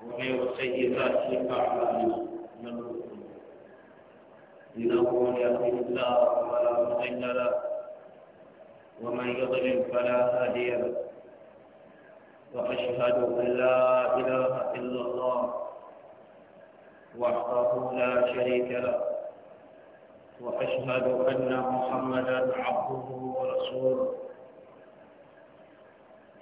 ومن سيئات أعمالنا إنه من الله فلا مضل له ومن يضلل فلا هادي له وأشهد أن لا إله إلا الله وحده لا شريك له وأشهد أن محمدا عبده ورسوله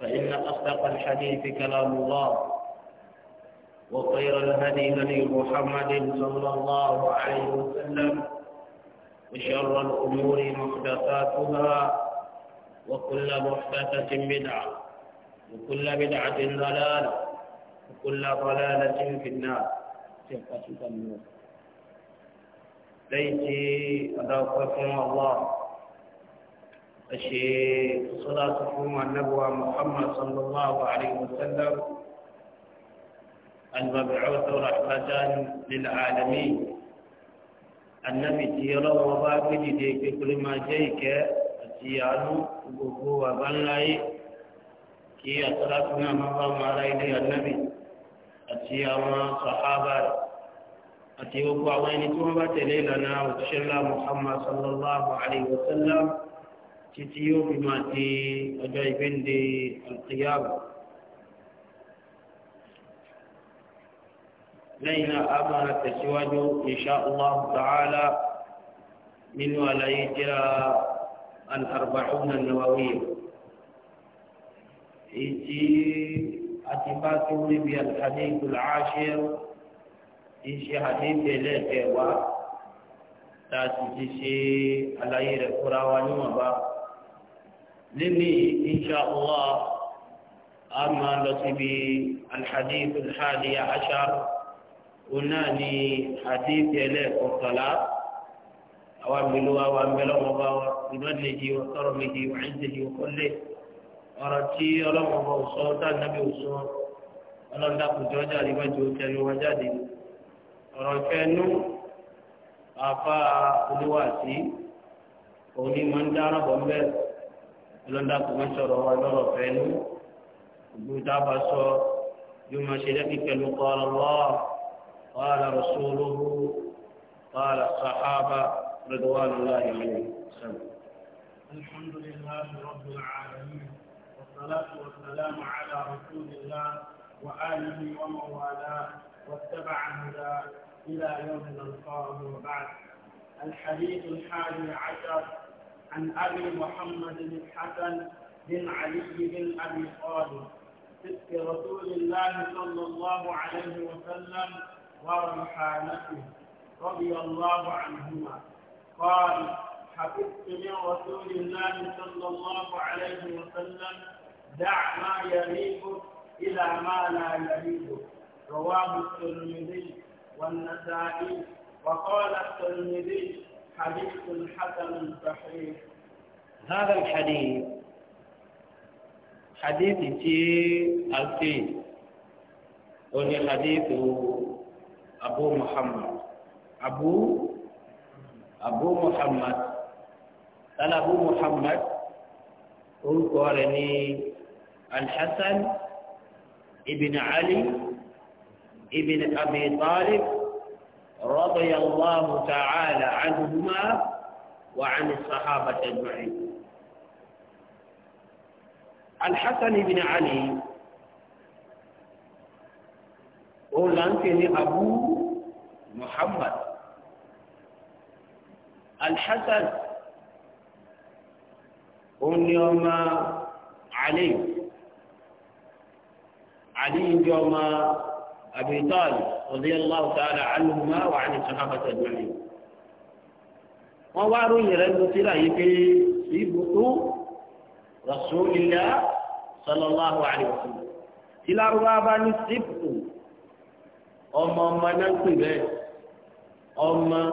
فإن أصدق الحديث كلام الله وخير الهدي هدي محمد صلى الله عليه وسلم وشر الأمور محدثاتها وكل محدثة بدعة وكل بدعة ضلالة وكل ضلالة في النار ثقة النور ليتي أدعوكم الله أشي صلاة قوم النبوة محمد صلى الله عليه وسلم المبعوث رحمة للعالمين النبي تيرا وباكي لديك كل ما جيك تيانو وقفو وبلاي كي أتركنا مقام عليه النبي أتياما صحابة àti gbogbo àwọn ẹni tí محمد صلى الله عليه وسلم títí yóò fi máa di ọjọ́ ìgbéǹde àlùkìyàmù. lẹ́yìn náà a máa tẹ̀síwájú insha allah ta'ala nínú àlàyé jẹ́ra al-arba'un an-nawawiyya. èyí tí a ti bá tó níbi al-hadith al-ashir iṣẹ́ hadith ẹlẹ́ẹ̀kẹ́ wa tá a ti ṣe àlàyé rẹ̀ fúnra wa níwọ̀nba. لني إن شاء الله أما لطبي الحديث الحادي عشر وناني حديث إليه الصلاة أوامل وأوامل ومباوة بمنه وكرمه وعزه وكله أرتي ألم صوت النبي وصوت ألم دقوا جوجا لمجوة وجاد أرتنوا أفا أدواتي وني من دار بمبه ọlọ́dà kò wọ́n sọ̀rọ̀ wa lọ́rọ̀ fẹ́ fẹ́nu gbogbo dábàá sọ bí wọ́n ṣe lẹ́bi pẹ̀lú kọ́ọ̀lọ́ wàhálà rọ̀ṣọ́lọ́hù wàhálà sàhábà rẹ̀dọ̀wàlù láàyè lẹ́yìn sẹ́nu. الحمد لله رب العالمين والصلاة والسلام على رسول الله وآله ومن واتبع هداه إلى يوم نلقاه وبعد الحديث الحادي عشر عن أبي محمد الحسن بن علي بن أبي طالب ست رسول الله صلى الله عليه وسلم ورحالته رضي الله عنهما قال حفظت من رسول الله صلى الله عليه وسلم دع ما يريبك إلى ما لا يريبك رواه الترمذي والنسائي وقال الترمذي حديث حسن صحيح هذا الحديث حديث تي التي وهي حديث أبو محمد أبو أبو محمد قال أبو محمد أذكرني الحسن ابن علي ابن أبي طالب رضي الله تعالى عنهما وعن الصحابة أجمعين الحسن بن علي أولانكني أبو محمد الحسن يوم علي علي يوم أبي طالب رضي الله تعالى عنهما وعن الصحابة أجمعين ووارو يرد ترى في سيبط رسول الله صلى الله عليه وسلم تلا روابا سيبط أما ما نقول أما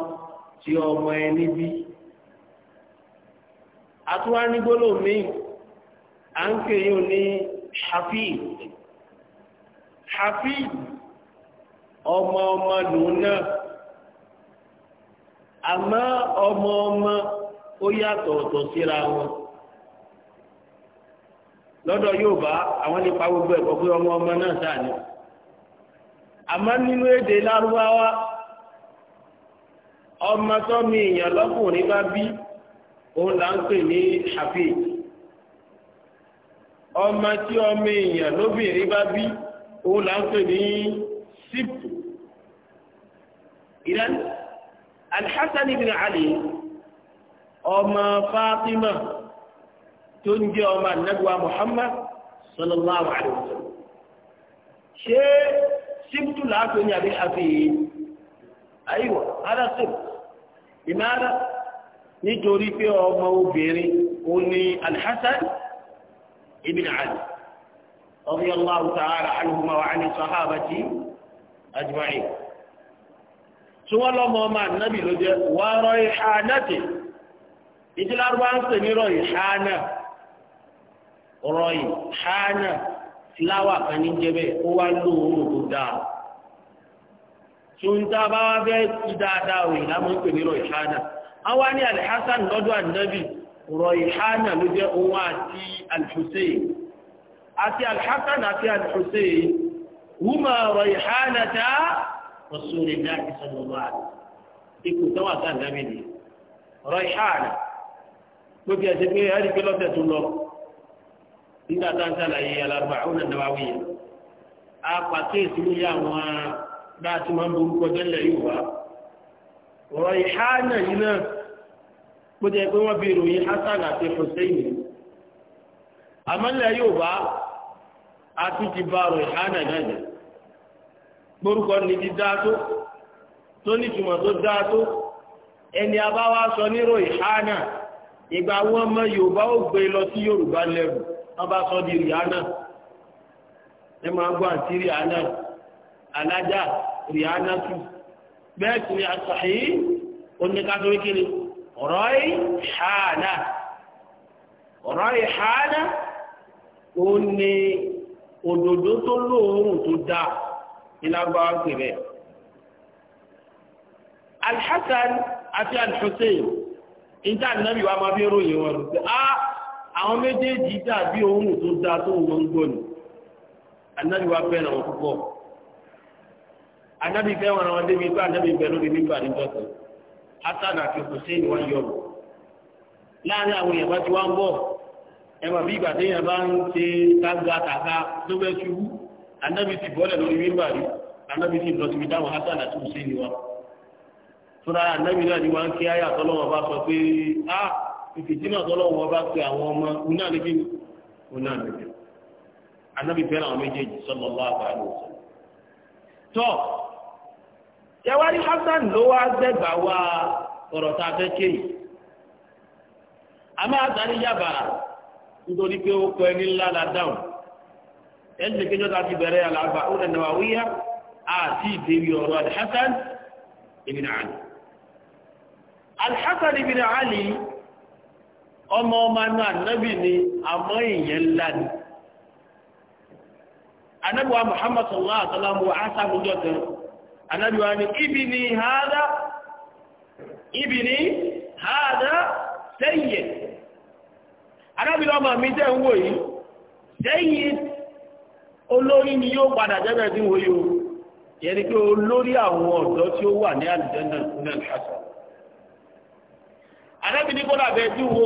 tí ọmọ ẹni bí àtúwá ní gbólómi à ń kéyìn ọmọ ọmọ lòun náà àmọ́ ọmọ ọmọ ó yàtọ̀ ọ̀tọ̀ síra wọn lọ́dọ̀ Yorùbá àwọn nípa gbogbo ẹ̀kọ́ pé ọmọ ọmọ náà sáà ni àmọ́ nínú èdè lárúbáwá ọmọ tọ́mi èèyàn lọ́kùnrin bá bí òun là ń pè ní hafiz ọmọ tí ọmọ èèyàn lóbìnrin bá bí òun là ń pè ní سبت إذا الحسن بن علي أما فاطمة تنجي أما النجوى محمد صلى الله عليه وسلم شيء سبت لا تنجي بها فيه أيوة هذا سبت لماذا نجري في أما وبيري قولي الحسن ابن علي رضي الله تعالى عنهما وعن صحابته ajma'in tí wọ́n lọ́mọ ọmọ ànábì ló jẹ́ wàárọ̀ ìhánàtì ìdílárúbá ń pè ní rọ̀ ìhánà rọ̀ ìhánà fúláwà kan ní jẹ́bẹ̀ ó wá lóòórùn tó dáa tí ó ń tá a bá wá fẹ́ ti dáadáa òyìn lámọ́ ń pè ní rọ̀ ìhánà àwa ní alhassan lọ́dọ̀ ànábì rọ̀ ìhánà ló jẹ́ òun àti alhussein àti alhassan àti alhussein huma rayhanata rasulillahi sallallahu alaihi ipò tọ́wọ́ àti àdámì ni rayhana gbogbo ẹ̀sẹ̀ pé ẹ̀rí pé lọ́sẹ̀ tó lọ nígbà tá ń sàlàyé al-arba'una an-nawawiyya apàkéèsì lórí àwọn bá a ti máa ń borúkọ tẹ́lẹ̀ Yorùbá rayhana yìí náà gbogbo ẹ̀ pé wọ́n bí ìròyìn Hasan àti Hussein àmọ́lẹ̀ Yorùbá a tún ti bá rayhana náà gborúkọ ní dídá tó tó nítumọ̀ tó dá tó ẹni abáwá sọ nírò ìhánà ìgbà wọn mọ yorùbá ó gbé lọ sí yorùbá lẹ́rù wọn bá sọ di rìhánà ẹ máa gbọ́ àti rìhánà alájà rìhánà tù bẹ́ẹ̀ sì ni àṣàyí oníkàtúwé kiri ọ̀rọ̀ ìhánà ọ̀rọ̀ ìhánà ó ní òdòdó tó lóòórùn tó dáa ìlàgbà pè bẹ́ẹ̀. alhassan àti alhussein níta nàbí wa máa fi ròyìn wọn rò pé á àwọn méjèèjì dàbí ohun tó dáa tó ń gbọ́ngbọ́n ni anabi wa fẹ́ràn wọn púpọ̀ anabi fẹ́ràn wọn débi pé anabi bẹ̀rù ní nígbà níjọ́sìn hassan àti hussein wọn yọ̀ láàrin àwọn èèyàn bá ti wá ń bọ̀ ẹ bí ìgbà téèyàn bá ń ṣe tágbà tàka tó fẹ́ ṣubú anábì ti bọ́lẹ̀ lórí wíńbà rí anábì ti lọ síbi dáhùn hasan àti hussein wa fúnra anábì náà ni wọn kí ayé àtọ́lọ́wọ́ bá sọ pé a ìfìdínà àtọ́lọ́wọ́ bá pe àwọn ọmọ uná níbí uná níbí anábì fẹ́ràn àwọn méjèèjì sọ́nà ọlọ́ àbáyé ọ̀sán. tọ́ yàwárí hasan ló wá gbẹ̀gbà wá ọ̀rọ̀ tá a fẹ́ ké yìí a máa sáré yàbàrà nítorí pé ó kọ ẹni ńlá la dáhùn ẹ̀sìn kéjọ́ ta ti bẹ̀rẹ̀ àlàgbà ó lẹ́nu àwíyá àti ìdèrí ọ̀rọ̀ alhassan ibn ali alhassan ibn ali ọmọ ọmọ náà nábì ni àmọ́ èèyàn ńlá ni anábìwá muhammad sallallahu alaihi wa sallam wa asáfúnjọ kan anábìwá ni ibi ni hada ibi ni hada sẹ́yìn anábìwá ọmọ mi jẹ́ ń wò yìí sẹ́yìn olórí ni yóò padà jẹ́bẹ̀ tí wọ́n yóò yẹ ni pé olórí àwọn ọ̀dọ́ tí ó wà ní àlùjẹ́nà náà ṣàṣọ. Ànábì ní kọ́lá bẹ́ẹ̀ tí wo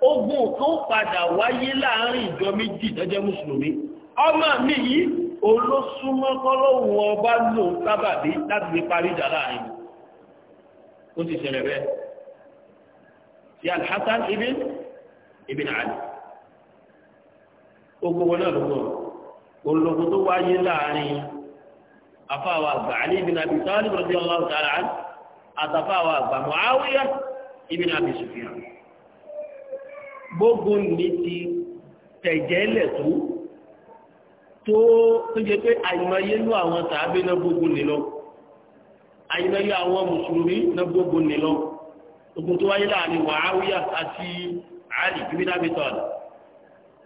ogun kan padà wáyé láàárín ìjọ méjì tó jẹ́ Ọmọ mi yìí olóṣùmọ́kọ́lọ́hùn ọba lòun láti lè parí ìjà láàárín ó sì ṣẹlẹ̀ bẹ́ẹ̀ ti alhassan ibn ibn ali ogun wọn náà lọ́gbọ̀n ológun tó wáyé láàrin afáwa àgbà ali ibn abi talib radiyallahu ta'ala anhu àtàfáwa àgbà muawiya ibn abi sufyan gbogbo ní ti tẹ̀jẹ́ lẹ̀ tó tó tó jẹ pé àyùmáyé ló àwọn tàbí náà gbogbo lè lọ. àyìnbáyé àwọn mùsùlùmí náà gbogbo nílọ ogun tó wáyé láàrin wàháwíyà àti àlì bíbélàbítọ́n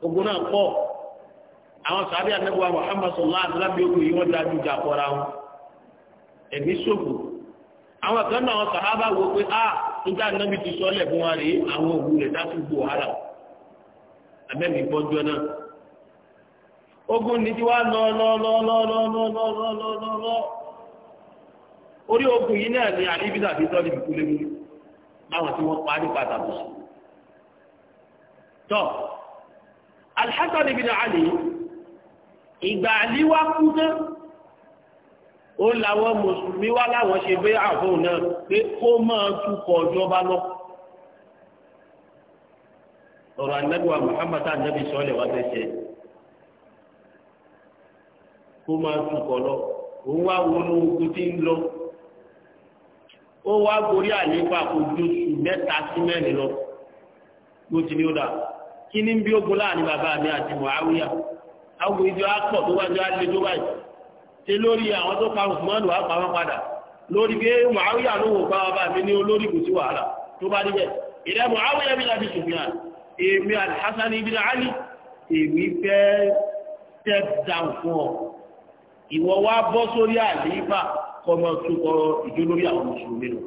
ogun náà pọ̀ àwọn sàbí àtẹ́gbọ́ Muhammad sallallahu alaihi wasallam ogun yìí wọ́n dájú jà kọ́ra wọn ẹ̀mí ṣòfò àwọn kan náà wo pé a níta ti wa rèé àwọn òwú rẹ̀ dá wàhálà abẹ́mi bọ́jọ́ náà ogun ti wá orí ogun yìí náà ni àdébísà àti tọ́lì ìkúlé mú báwọn tí wọ́n parí pàtàkì sùn. tọ́ Al-Hasan ibn Ali ìgbà àlíwá kú náà ó làwọn mùsùlùmí wá láwọn ṣe bẹ́ àfọ̀hùn náà pé kó máa túkọ̀ ọjọ́ba lọ. ọ̀rọ̀ anábìwá Muhammad anábì sọ́ọ̀lẹ̀ wá fẹ́ ṣe kó máa túkọ̀ lọ òun wá wọnú ogun tí ń lọ ó wá gorí àlééfà kò ju oṣù mẹ́ta sí mẹ́rin lọ ló ti ní ó dà kí ní bí ogun láàrin bàbá mi àti Muawiya àwọn ìjọ àpọ̀ tó wájú alẹ́ tó báyìí ṣe lórí àwọn tó pa Usman wà pa wọn padà lórí pé Muawiya ló wò pa bàbá mi ní olórí kò sí wàhálà tó bá níbẹ̀ ìrẹ́ Muawiya bí láti Sufyan èmi Al-Hasan ibn Ali èmi fẹ́ step down fún ọ ìwọ wá bọ́ sórí àlééfà kọ́mọ túbọ̀ ìjólórí àwọn mùsùlùmí lọ.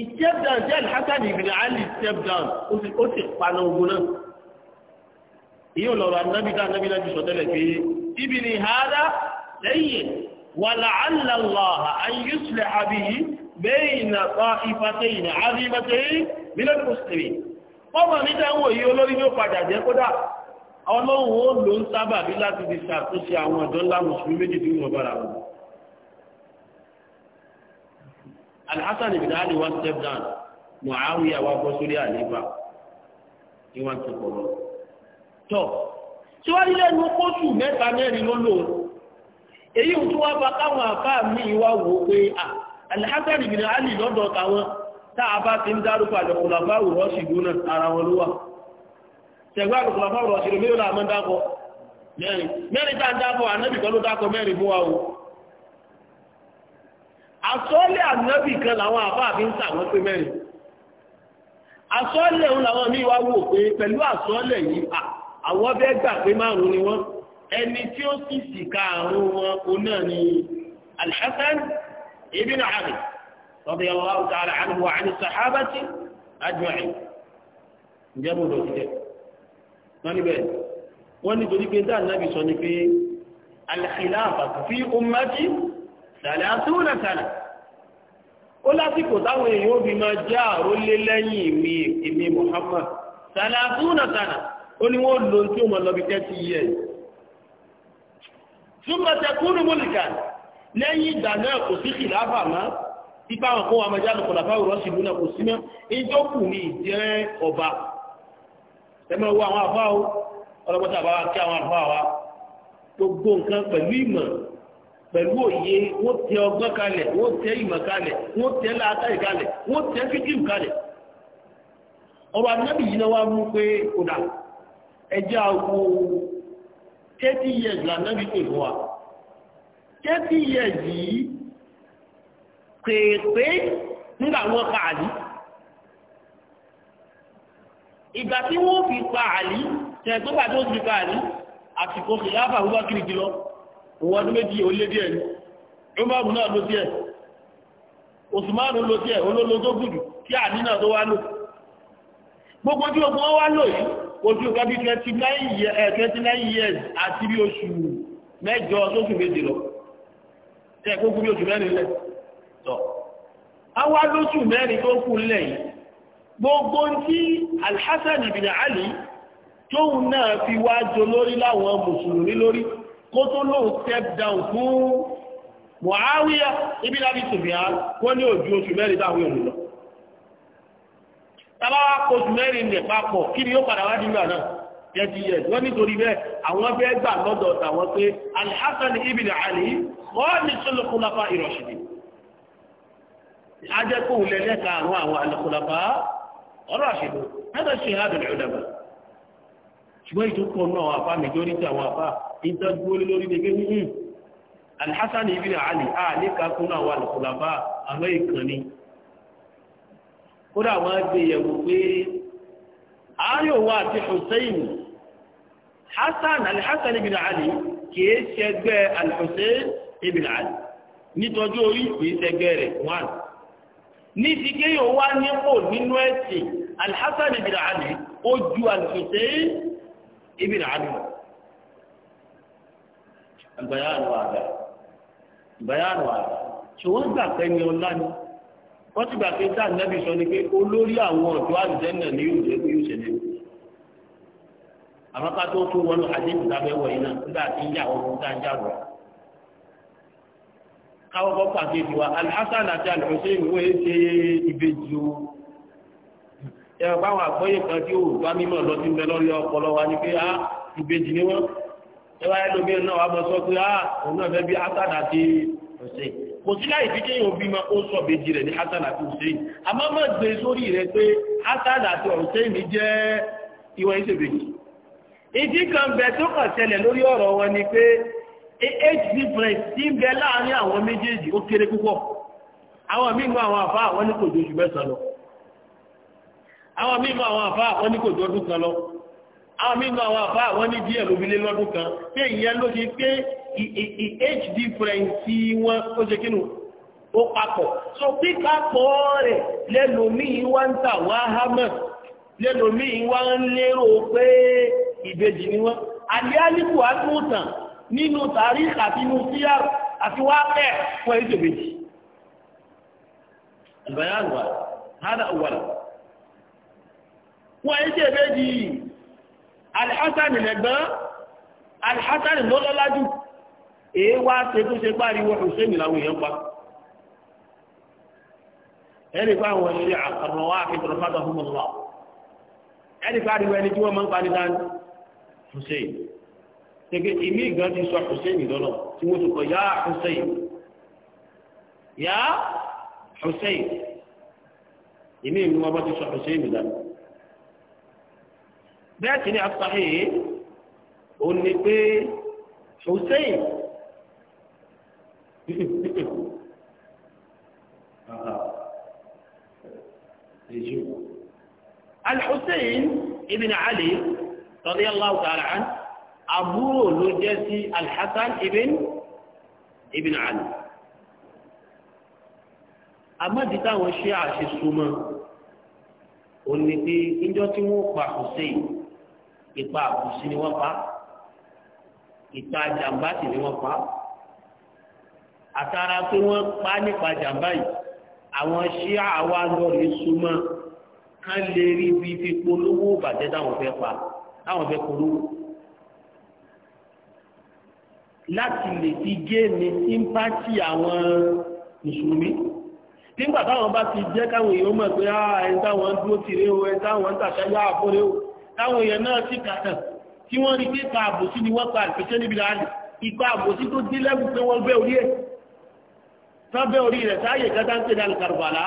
ìstep down jẹ́ alhassan ibn ali step down ó sì paná ogun náà. èyí ò lọ́rọ̀ anábì dá anábì náà ti sọ tẹ́lẹ̀ pé ibi ni hada lẹ́yìn wà láàlá lọ́ha an yusle àbí bẹ́yìn àpá ìfàtẹ́ ìnà àríwáṣẹ́ mílẹ̀ mùsùlùmí. ọmọ níta ń wòye olórí ló padà jẹ́ kódà ọlọ́run ó lò ń sábàbí láti fi ṣàtúnṣe àwọn ọ̀dọ́ mùsùlùmí méjì tí wọ́n bára wọn alhassan ali wa step down muawiya wa bọ́ sórí àlefa ni wọ́n ti pọ̀ lọ tọ́ tí wọ́n rí lẹ́nu kóṣù mẹ́ta mẹ́rin aba èyí tó wá bá káwọn àfá mi wo pé ali lọ́dọ̀ a bá ti ń dárúkọ ara wọn ló ṣẹ̀gbọ́n àlùkùnlá fáwọn ọ̀ṣẹ̀rẹ̀ mélòó làwọn ń dákọ̀ mẹ́rin mẹ́rin tá ń dákọ̀ ànábì kan ló dákọ̀ mẹ́rin fún wa kan làwọn fi ń tà pé mẹ́rin àsọ́lẹ̀ òun làwọn míì wá wò pé pẹ̀lú àsọ́lẹ̀ yìí àwọn bẹ́ẹ̀ gbà pé márùn ni wọ́n ẹni tí ó sì wọn òun ni alhassan wọ́n níbẹ̀ wọ́n nítorí pé dáà náà bí sọ ni pé al-khilafa fi ummati salasuna sana ó lásìkò táwọn èèyàn ó fi máa já àrólé lẹ́yìn mi èmi Muhammad salasuna sana ó ní wọ́n lò tí ó mọ̀ lọ́bi tẹ́tí yẹ súnmọ́ tẹkúrú mọ́lìkà lẹ́yìn ìgbà náà kò ẹmọ wo àwọn àfáà o ọlọ́pọ̀tà bá wa kí àwọn àfáà wa gbogbo nǹkan pẹ̀lú ìmọ̀ pẹ̀lú òye wọ́n tẹ ọgbọ́n kalẹ̀ wọ́n tẹ ìmọ̀ kalẹ̀ wọ́n tẹ láàtàrí kalẹ̀ wọ́n tẹ fíkìm kalẹ̀ ọba nábì yìí náà wá mú pé kódà ẹjẹ́ àwọn thirty years la nábì pè fún wa thirty years yìí pèpè nígbà wọn kààdì ìgbà tí wọ́n fi pa àlí tẹ̀gbọ́gbà tó fi pa àlí àsìkò fìláfà wúwá kiri jù lọ òun ọdún méjì ó lé díẹ̀ ni ọmọọ̀bù náà ló díẹ̀ òsùmánù ló díẹ̀ olólo tó gùdù kí àní náà tó wá lò gbogbo tí ogun wá lò yìí ojú ọgá bí twenty nine eh, years àti bí oṣù mẹ́jọ sóṣù méje lọ tẹ̀ gbogbo bí oṣù mẹ́rin lẹ̀ tọ̀ àwa lóṣù mẹ́rin tó kù lẹ̀ yìí gbogbo tí alhassan ibn ali tóun náà fi wá jọ lórí láwọn mùsùlùmí lórí kó tó lóun step down fún Muawiya ibi láti tòbíà wọ́n ní ojú oṣù mẹ́rin táwọn èrò lọ tàbáwá oṣù mẹ́rin nẹ̀ papọ̀ kí ni ó padà wá nígbà náà thirty years wọ́n nítorí bẹ́ẹ̀ àwọn fẹ́ gbà lọ́dọ̀ tàwọn pé alhassan ibn ali wọ́n ní sọ́lọ́kùnláfà ìrọ̀ṣìdì ajẹ́kùn lẹ́lẹ́ka àwọn àwọn alẹ́kùnláfà الراشدون هذا اجتهاد العلماء ṣùgbọ́n ìtòkò náà àpá mẹjọ́rítì àwọn àpá ìdájú orí lórí ní gẹ́gẹ́ ní hmm, hmm. alhassan ibn ali a ní kakún àwọn alùpùlàbá àwọn ìkànnì kódà wọ́n gbé níbi kéèyàn wá nípò nínú ẹ̀sìn alhassan ibn ali ó ju alhussein ibn ali lọ. àgbàyànù wọ́n gbà ọlá ni wọ́n ti gbà pé nẹ́bí sọ ni pé olórí àwọn ọ̀dọ́ ni yóò jẹ́ yóò ṣẹlẹ̀ tó tún wọnú náà nígbà tí ń yà wọ́n ń jà káwọn kọ́ pàkejì wa alhassan àti alhussein wo é ṣe ìbejì o ẹ̀rọ báwọn àgbọ́yé kan tí ó bá mímọ̀ lọ sí mbẹ lórí ọpọlọ wa ni pé á ah, ìbejì ni wọ́n ẹ wáyé lómi náà wà mọ́ sọ pé á ah, òun náà fẹ́ bí hassan àti hussein kò sí láì fi kéèyàn bímọ ó sọ ìbejì rẹ̀ ní hassan àti hussein àmọ́ mọ́ gbé e sórí rẹ̀ pé hassan àti hussein jẹ́ ìwọ̀n ìṣèbejì ìdí kan bẹ tó kàn ṣẹlẹ̀ lórí ọ̀rọ̀ wọn ni pé age prince tí ń bẹ láàrin àwọn méjèèjì ó kéré púpọ̀ àwọn mímú àwọn àfá àwọn ní kò lọ àwọn mímú àwọn àfá àwọn ní kò kan lọ àwọn àwọn àfá àwọn ní díẹ̀ ló kan pé ìyẹn ló pé age prince tí wọ́n ó ṣe kínú ó papọ̀ so rẹ̀ lẹ́lòmíì wá ń tà wá hámà lẹ́lòmíì wá ń lérò pé ìbejì nínú tàrí àti inú síyá àti wá pẹ́ fún ẹ̀jẹ̀ méjì. àlùbáyà àlùbá hádà òwàlà. fún ẹ̀jẹ̀ méjì alhassan lẹ́gbọ́n alhassan lọ́lọ́lájú èé wá ṣe tó ṣe pariwo hussein làwọn èèyàn pa. ẹnì pa àwọn ẹ̀rí àkàrọ̀ àfihàn fádà fún mọ́lá. pa àdìwọ̀ ẹni tí wọ́n máa ń pa ní dáná hussein. tege ìmí ìgbà ti sọ Hussein lọ́nà tí wọ́n ti mo ti sọ Hussein lọ́nà. bẹ́ẹ̀ hussein lona bee ti ni asahi ò ní pé Hussein الحسين ابن علي رضي الله تعالى عنه àbúrò ló jẹ́ sí alhassan ibn ibn ali amadi táwọn ṣe àṣesúmọ́ òní pé níjọ́ tí wọ́n pa hussein ipa àbùsí ni wọ́n pa ipa jàmbá sì ni wọ́n pa àtàrà pé wọ́n pa nípa jàmbá yìí àwọn ṣíà wa lọ́ọ̀rì súnmọ́ ká lè rí bí fipolówó bàjẹ́ táwọn fẹ́ pa táwọn fẹ́ polówó láti lè fi gé ní ìmpáàtì àwọn mùsùlùmí nígbà táwọn bá ti jẹ́ káwọn èèyàn mọ̀ pé á ah, ẹni táwọn ń dúró tìrẹ o ẹni táwọn ń tàṣáyá àbúrẹ́ o táwọn èèyàn náà sì kàtà tí wọ́n rí pé ka àbòsí ni wọ́n pa àìpẹ́ṣẹ́ níbi láàrín ipa àbòsí tó dé lẹ́bù pé wọ́n bẹ́ orí ẹ̀ sábẹ́ orí rẹ̀ sáyè kẹta ń pè dá lùkàrùbàlá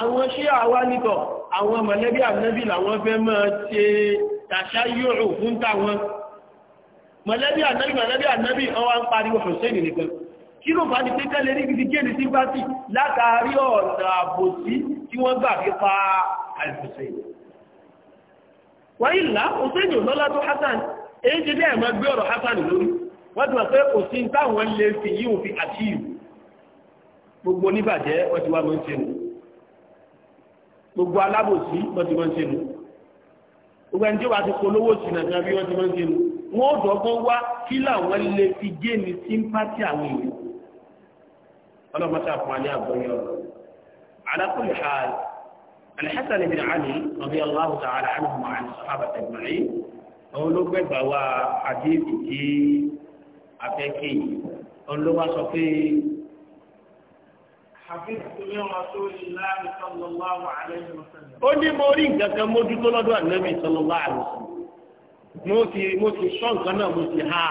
àwọn ṣé àwa nìkan àwọn mọ̀lẹ́bí ànábì làwọn fẹ́ máa ṣe tàṣáyò fún táwọn mọ̀lẹ́bí ànábì mọ̀lẹ́bí ànábì ọwá ń pariwo Hussein nìkan kí ló bá ní pé tẹ́lẹ̀ ní gidi kéde sí pàtì látàrí ọ̀nà àbòsí tí wọ́n gbà fi pa al-Hussein wọ́n ìlà Hussein ò lọ́lá Hassan èyí ti dẹ́ ẹ̀mọ́ gbé ọ̀rọ̀ Hassan lórí wọ́n ti mọ̀ pé kò sí táwọn lè fi yíò fi àṣíyù gbogbo oníbàjẹ́ wọ́n ti wá mọ́ ń ṣe nù gbogbo alábòsí wọ́n ti mọ́ ń ṣe nù gbogbo ẹni tí wọ́n ó dọ́gbọ́n wá kí làwọn lè fi gé ní símpátì àwọn èèyàn ọlọ́mọta fún alẹ́ àgbọ̀yọ̀ ala kulli hal alhassan ibn ali radiyallahu ta'ala anhu wa an sahabati ajma'in òun ló gbẹgbà wá àdéhùn tí a fẹ́ ó ní mo rí nǹkan mójútó lọ́dọ̀ ànábì sallallahu alaihi mo ti mo ti sọ nǹkan náà mo ti ha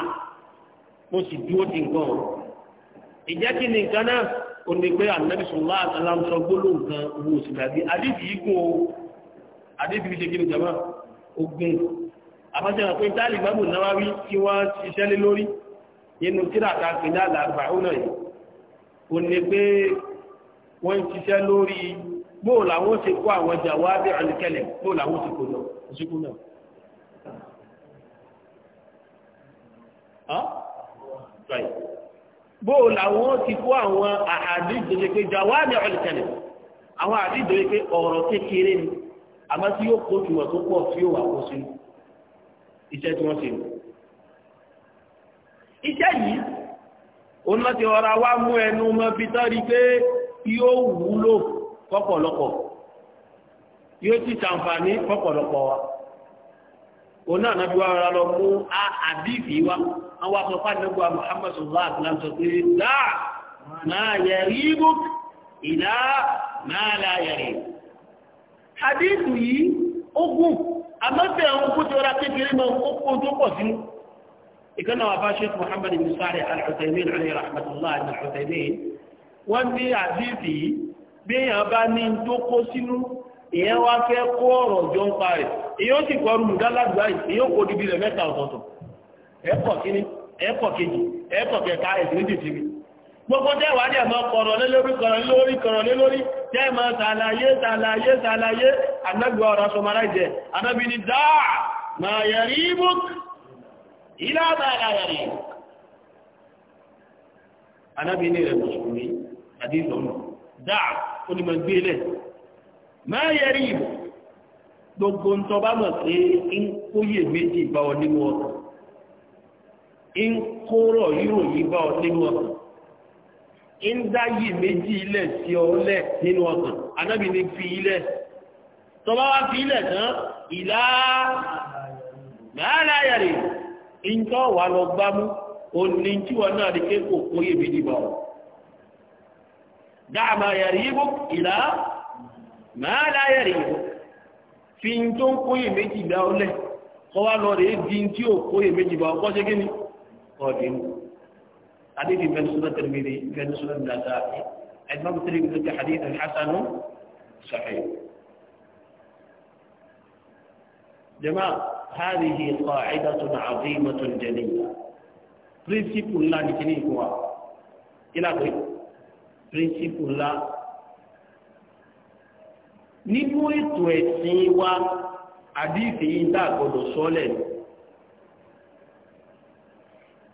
mo sì dúró di nǹkan o ìjẹ́ kí ni nǹkan náà o ní pé anabi sọlá àtàlámsọ gbóló nǹkan owó oṣù gàdí àdébì yìí gùn o àdébì yìí ṣe kí ni jama ogun àfàṣẹ àpé táàlì gbàgbọ́ Nawawi tí wọ́n ṣiṣẹ́ lé lórí nínú tíra ká fi ní àlàgbà ó náà yìí o ní pé wọ́n ń ṣiṣẹ́ lórí bóòlù àwọn ṣe kó àwọn jà wá bí àlùkẹ́lẹ̀ bóòlù àwọn ṣe kó náà bó làwọn ti kó àwọn àhàdí ìdòwe pé jàwáàmì ọ̀lẹ́kẹ̀lẹ̀ àwọn àhàdí ìdòwe pé ọ̀rọ̀ kékeré ni àmọ́ tí yóò kó tùmọ̀ tó pọ̀ tí yóò wà kó sí iṣẹ́ tí iṣẹ́ yìí wa mú ẹnu mọ́ fi pé yóò wúlò yóò ti ṣàǹfààní wa òun lọ mú wa. àwọn àpọ̀pá nẹ́gbà Muhammad sallallahu alaihi wasallam sọ pé láà máa yẹ̀rí ibùk ìlà máa la yẹ̀rí. hadithu yìí ó gùn àmọ́bẹ̀ àwọn kó ti ọ̀rá kékeré máa ó kó tó pọ̀ sí. ìkànnà wà bá sheikh Muhammad ibn Salih al-Uthaymin alayhi rahmatullah al-Uthaymin wọ́n ní wá fẹ́ kó ọ̀rọ̀ jọ ń parẹ̀ èèyàn sì kọ́ ọdún mùdálàgbà èèyàn kò dìbì rẹ̀ mẹ́ta ọ̀tọ̀ọ̀tọ̀ ẹ̀kọ́ kìíní ẹ̀kọ́ kejì ẹ̀kọ́ kẹta ẹ̀sìnìtìsìnì gbogbo tẹ́wàá dẹ̀ mọ́ kọ̀rọ̀ lé kọ̀rọ̀ lórí kọ̀rọ̀ lé lórí tẹ́ sàlàyé sàlàyé sàlàyé anábì ni gbogbo ń tọ́ mọ̀ pé ń kóyè méjì bá nínú ọ̀tọ̀ ń kóró yóò yí bá ọ nínú ọkàn ń dá yìí méjì ilẹ̀ sí ọ lẹ̀ nínú ọkàn anábì ní fi ilẹ̀ tọba wá fi ilẹ̀ tán ìlà màálà yàrá ìjọ wà lọ gbámú òní tí wọn náà rí kéko kóyè mi dìbò ọ dáàmà yàrá yìí ìlà màálà yàrá yìí fi ń tó ń kóyè méjì dá ọ lẹ̀ kọ́ lọ rèé di tí ò kóyè méjì bá ọ kọ́ ṣe kí ni. قادم حديث من سنة الترمذي من سنة النسائي الإمام الترمذي حديث حسن صحيح جماعة هذه قاعدة عظيمة جليلة برنسيب الله نكني هو إلى غير برنسيب الله nínú ètò ẹ̀sìn wa àdífì yìí tá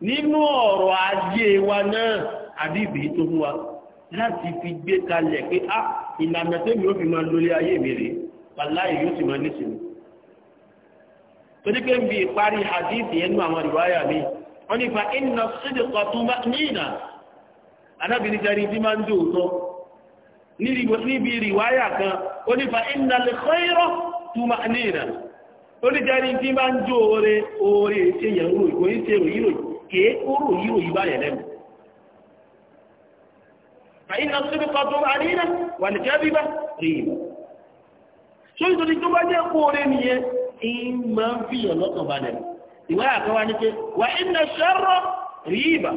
nínú ọ̀rọ̀ ajé wa náà àdìbì tó fún wa láti fi gbé kalẹ̀ pé á ah, ìlànà tẹ́mi ó fi máa lórí ayé mi rèé wàláyé yóò sì máa nísìnyí torí pé ń bi ìparí hadithi ẹnu àwọn ìwáyà mi wọ́n nípa iná sídìkọ̀ tó bá níìnà anábìnrin jẹ́rí tí máa ń dò tó níbi ìwáyà kan ó nípa iná lè kọ́ìrọ̀ tó bá níìnà ó ní jẹ́rí tí máa ń dò oore oore ṣe yẹ̀wò ìkòyí ṣe ròyìn ròyìn kèé kúrò yíò yí báyẹ̀ lẹ́nu. àyìn náà síbi kan tó àrí náà wà ní kẹ́bí bá rí i. ṣé ìtòlí tó bá jẹ́ kó o rẹ nìyẹn ń máa ń fi hàn lọ́kàn balẹ̀. ìwé àkọwá ni pé wà iná ṣẹ́rọ̀ rí ìbà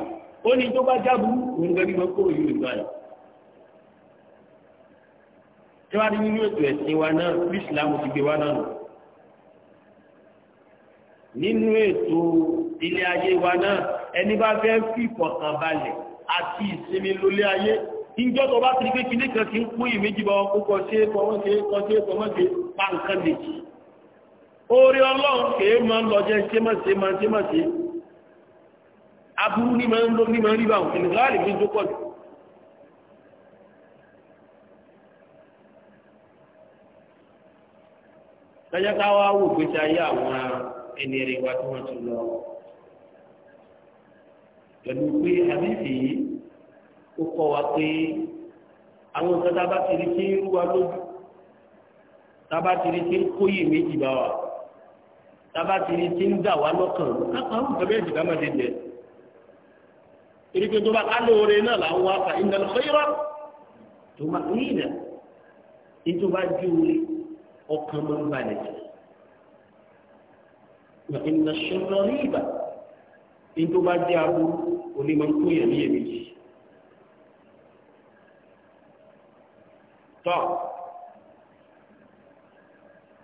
ó ní tó bá jábù òun gbẹ́bí máa kúrò yíò yí báyẹ̀. tí wàá rí nínú ètò ẹ̀sìn wa náà bí ìsìlámù ti gbé wa náà nù nínú ètò ilé ayé wa náà ẹni bá fẹ́ fi ìfọ̀kàn balẹ̀ àti ìsinmi lólé ayé ìjọ tó bá tiri pé kí nìkan ti ń kú ìméjì bá wọn kókọ ṣe kọmọṣe kọṣe kọmọṣe pa nǹkan méjì oore ọlọ́run kèé máa ń lọ jẹ ṣémọṣe máa ṣémọṣe aburú ní máa ń lọ ní máa ń rí báwọn kìnìún láàrin mi ń ẹni ẹrẹ wa tí wọ́n ti lọ. pẹ̀lú pé àbífì yìí ó kọ́ wa pé àwọn nǹkan tá a bá ti rí sí irú wa lójú tá a bá ti rí sí kóyè méjì bá wa tá a bá ti rí sí ń dà wá lọ́kàn lápapọ̀ nǹkan bẹ́ẹ̀ jù ká má jẹ. erike tó bá ká lóore náà là wá fa innal khayra tó máa ní ìdá nítorí bá ọkàn máa ń balẹ̀ wà ìnà ṣọ́rọ̀ ní ìbà ní tó bá jẹ́ arú òní máa ń kó yẹn ní èméjì. tọ́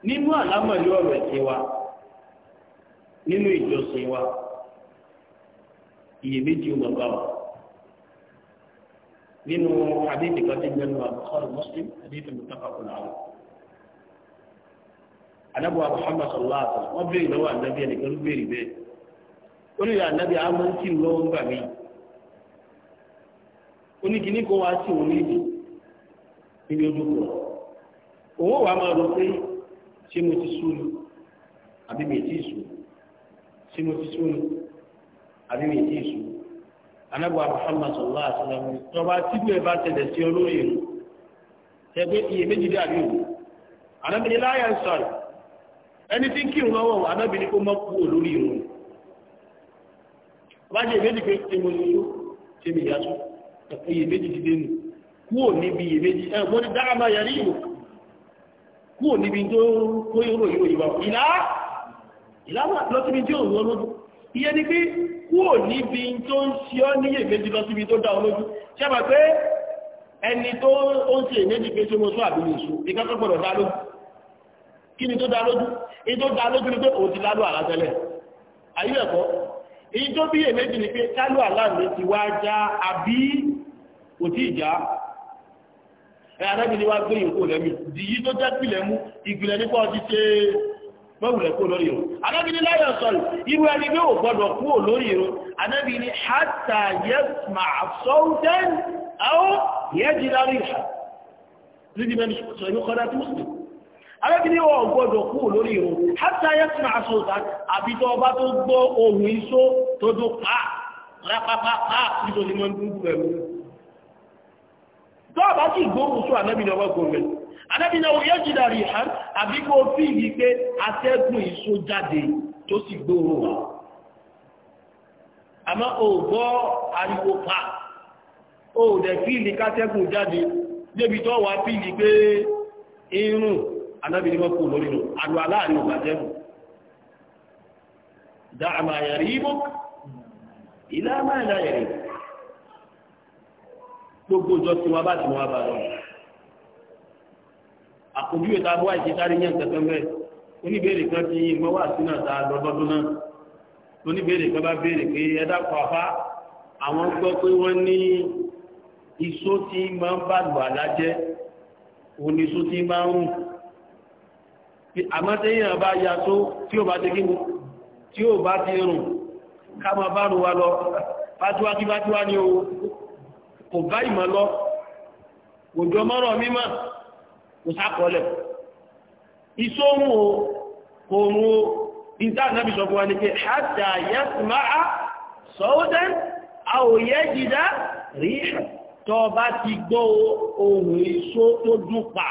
nínú àlámọ̀lé ọ̀rọ̀ ẹ̀sìn wa nínú ìjọsìn wa iyèméjì ó máa bá wa nínú hadith àbúkọ́ Muslim hadith mutafaqun alayh anabuwa muhammad sallallahu alaihi wa sallam wọn béèrè lọ́wọ́ anabi ẹnìkan ló béèrè bẹ́ẹ̀ ó ní anabi àmọ́ ń tì lọ́wọ́ ń gbà mí oníkìní kan wá sí òun níbi níbi ojú kan òun wàá máa rò pé ṣé mo ti sùn ni àbí mi ti sùn ṣé mo ti sùn ni àbí mi ti sùn anabuwa muhammad sallallahu alaihi wa sallam tọba tìlú ẹ bá tẹ́lẹ̀ sí olóyè rẹ tẹgbẹ iye méjìlélàbí o anabi ni láyà ń sọ̀rọ̀ ẹni tí ń kírun lọ́wọ́ wà náà bí ní kó mọ́ kú olórí irun bá jẹ́ ìbéjì pé ṣe mo ní ṣe mi ìyá tó ẹ̀kọ́ iyèméjì dídé nù kúò níbi iyèméjì ẹ̀ mo ní dára máa yẹrí ìlú kúò níbi tó kó yóró yóró yìí wá ìlà ìlà lọ síbi tí òun lọ́dún iye ni pé kúò níbi tó ń ṣe ọ́ ní iyèméjì lọ síbi tó dá ọ lójú ṣẹ́bà pé ẹni tó ń ṣe iyèméjì pé ṣe mo sọ àbí mi ìkẹ́kọ̀ọ́ gbọ́dọ̀ dá lójú kí ni tó dá lójú èyí tó dá lójú ni pé òun ti lálù àlá tẹ́lẹ̀ ayé ẹ̀kọ́ èyí tó bí èméjì ni pé kálù àlá mi ti wá já àbí kò tí ì já ẹ arábìnrin wa gbé ìkó lẹ́mí dìyí tó já pìlẹ̀ mú ìpìlẹ̀ nípa ọtí ṣe mọ́wùlẹ̀ kó lórí irun arábìnrin láyọ̀ sọ̀rọ̀ irú ẹni pé ò gbọ́dọ̀ kú ò lórí irun arábìnrin hátà yẹ́sùmá sọ́ọ́tẹ́n àwọn yẹ́jì lárí ìhà nídìí mẹ́rin arábìnrin wọn gbọdọ̀ kú lórí ìrùn hátà yẹ́sùn àṣọ́ta àbí tó ọba tó gbọ́ ohun iṣó tó tó pàá rápápápáà nítorí mọ́ dúdú ẹ̀mú tó ọba sì gbóhùn sọ anábìnrin ọwọ́ gómẹ̀ anábìnrin ọwọ́ yẹ́ jìdà rí hàn àbí kó fi ìdí pé atẹ́gùn iṣó jáde tó sì gbóhùn wà àmọ́ ò gbọ́ ariwo pa ò dẹ̀ fíìlì tó wà fíìlì anábì ní wọ́n kú lórí nù àlọ́ aláàánú bàjẹ́ nù dáàmà yẹ̀rí ibò ilé àmà ìlà yẹ̀rí gbogbo ìjọ tí wọn bá ti wọn bá lọ àkójú ìta bó àìsí sáré yẹn kẹsàn bẹ́ẹ̀ oníbèrè kan ti yín mọ́wá sínú àtà lọ́dọọdún náà oníbèrè kan bá béèrè pé ẹ dákọ̀ afá àwọn gbọ́ pé wọ́n ní iṣó tí máa ń bàlù àlájẹ́ oníṣó tí máa ń rùn àmọ́ téèyàn bá ya tó tí ó bá ti gíní tí ó bá ti rùn ká máa bá rùn wa lọ fájúwá kí fájúwá ni o kò bá ìmọ̀ lọ òjò mọ́rọ̀ mímọ̀ kò sákọlẹ̀ ìṣóhun o kò rùn o ìdá náà wa ní pé hátà yẹ́ máa sọ́ọ́dẹ́ àòyẹ́ jìdá rí tọ́ bá ti gbọ́ ohun ìṣó tó dùn pa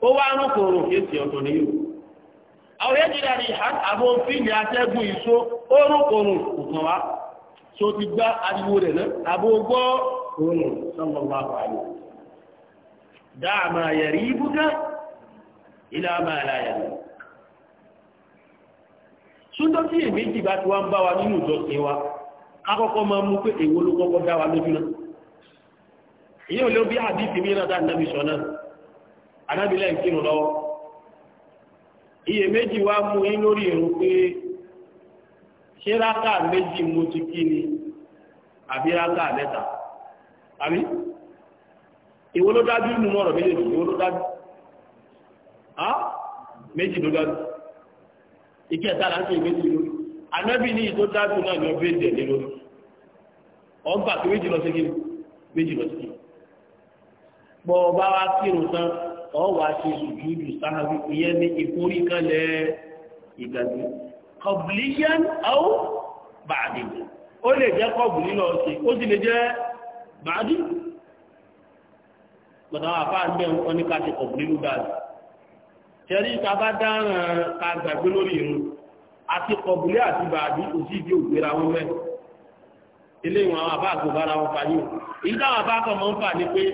ó wá rán kòrò kéèsì ọ̀tọ̀ ní yóò àwọn ẹ́jìdá ni àwọn fíìlì atẹ́gùn ìṣó ó kòrò òkàn wá tí ó ti gbá ariwo rẹ̀ náà àbò gbọ́ kòrò sọ́lọ́lá wa wa akọ́kọ́ máa mú pé èwo ló kọ́kọ́ bí sọ náà anábìlẹ̀ ń kírun lọ́wọ́ iye méjì wá mú yín lórí irun pé ṣé rákà méjì mo ti kí ni àbí rákà mẹ́ta àbí ìwọ ló dájú nínú ọ̀rọ̀ méjèèjì ìwọ ló dájú á méjì ló dájú ìkẹta láti méjì lórí anábì ní ìtó dájú náà ni ọbẹ̀ ìdẹ̀lẹ́ lórí ọgbà tó méjì lọ sí kí wa kírun tán ọwọ́ àti sùjúdù sáhábì ìyẹn ní ìforí kalẹ̀ ìgbàgbé kọ̀bùlíyàn aw ba'di ó lè jẹ́ kọ̀bùlí lọ sí ó sì lè jẹ́ ba'di gbọ̀dọ̀ àfáà ń bẹ̀ wọn ní ká ti kọ̀bùlí ló dáadáa tẹ̀rí ta bá dáràn ká gbàgbé lórí irun àti kọ̀bùlí àti bàbí ilé ìwọ̀n àwọn àbá àgbòbára wọn fà yìí ìdáwọn àbá ń fà ní pé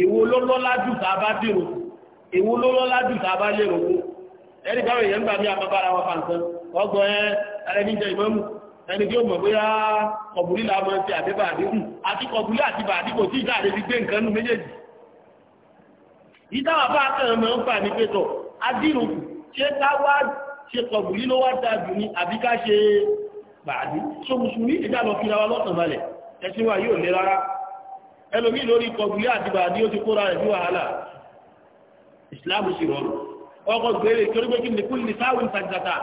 èwo ló jù tá bá dèrò èwo ló lọ́lá jù tá a bá lè rògbò ẹni báwọn èèyàn gbà bí amábára wọn fàǹkan ọgbọ̀n ẹ ẹni jẹ ìmọ̀mù ẹni tí ó mọ̀ bóyá kọ̀bùrí làwọn ẹni tí àdébà àdínkù àti kọ̀bùrí àti bàdínkù tí ìjà àdébí gbé nǹkan nù méjèèjì ìdáwà bá kàn mọ́ ń fà ní pẹ́tọ̀ adírùkù ṣé ká wá ṣe kọ̀bùrí ló wá dájú ní àbí ká ṣe bàdí tó mùsùlùmí ìjà lọ fira wa lọ́sàn balẹ̀ ẹ̀sìn wa yóò lé rárá ẹlòmí lórí kọ̀bùrí àti bàdí ó ti kóra rẹ̀ sí wàhálà islam. sì rọrùn ọkọ̀ gbére torí pé kí ni kúlì sáwìn fàjàtà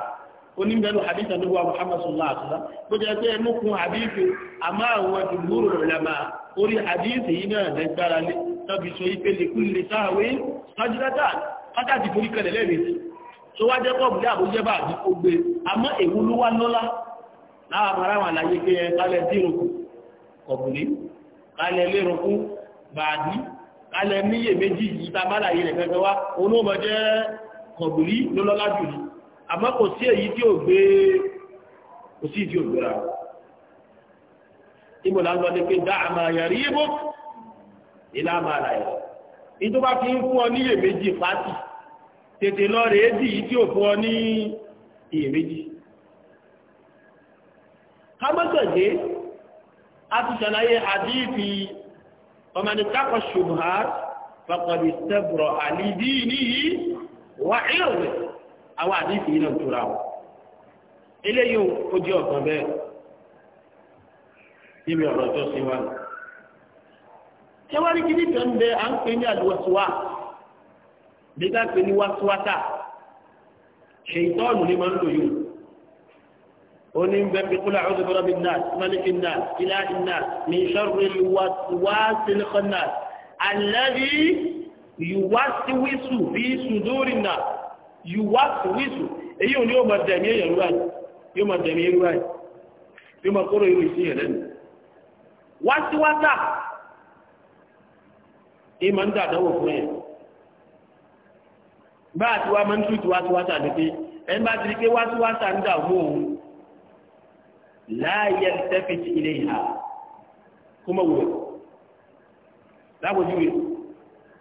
oníbẹ̀rù hadith àdúgbò muhammad sallallahu alaihi wasallam bó jẹ́ pé ẹnu kun hadith àmọ́ àwọn jùmúrù ìlàmà orí alẹ́ níyè méjì yìí ta bá láyé rẹ̀ fẹ́fẹ́ wá onóòmọ jẹ́ kọ̀bùrí ló lọ́lá jù ní àmọ́ kò sí èyí tí ò gbé kò sí ìdí ògbéra ibo la ń lọ ní pé dá àmà yàrí ibò ìlà àmà àlàyé ìtò bá fi ń fún ọ níyè méjì pátì tètè lọ rèé dì í tí ò fún ọ ní iyè méjì kámọ́sọ̀dé a ti ṣàlàyé àdífi ومن اتقى الشبهات فقد استبرأ لدينه وعرضه أو حديث إلى التراب إليه أجيب به níbi ọ̀rọ̀ tó ṣe wá. ṣé wá ní kí ní kan bẹ à ń pè ní àdúwàsíwá bí ká pè ní wáṣíwátà ṣèyítọ́ọ̀nù ni máa ń lò yìí oní bẹ́ẹ̀ kúlẹ̀ ọ̀dọ̀ bọ́rọ̀ bí náà mẹ́lìkì náà ilá iná ní ṣọ́rọ̀ ìwáṣílẹ̀kọ́ náà alẹ́rí ìwáṣíwísù bí ṣùdúrì náà ìwáṣíwísù èyí ò ní ó mọ̀ dẹ̀mí èyàn rúwáì yóò mọ̀ dẹ̀mí rúwáì yóò mọ̀ kóró irú ìsìn yẹn lẹ́nu wáṣíwátà ìmọ̀ ń dàdánwò fún yẹn bá àtiwá máa ń tútù wáṣíwátà ní pé ẹ̀ ń bá ti rí pé wáṣíwátà ń dà mú òun la yantafit ilayha kuma wò láwùjọ yìí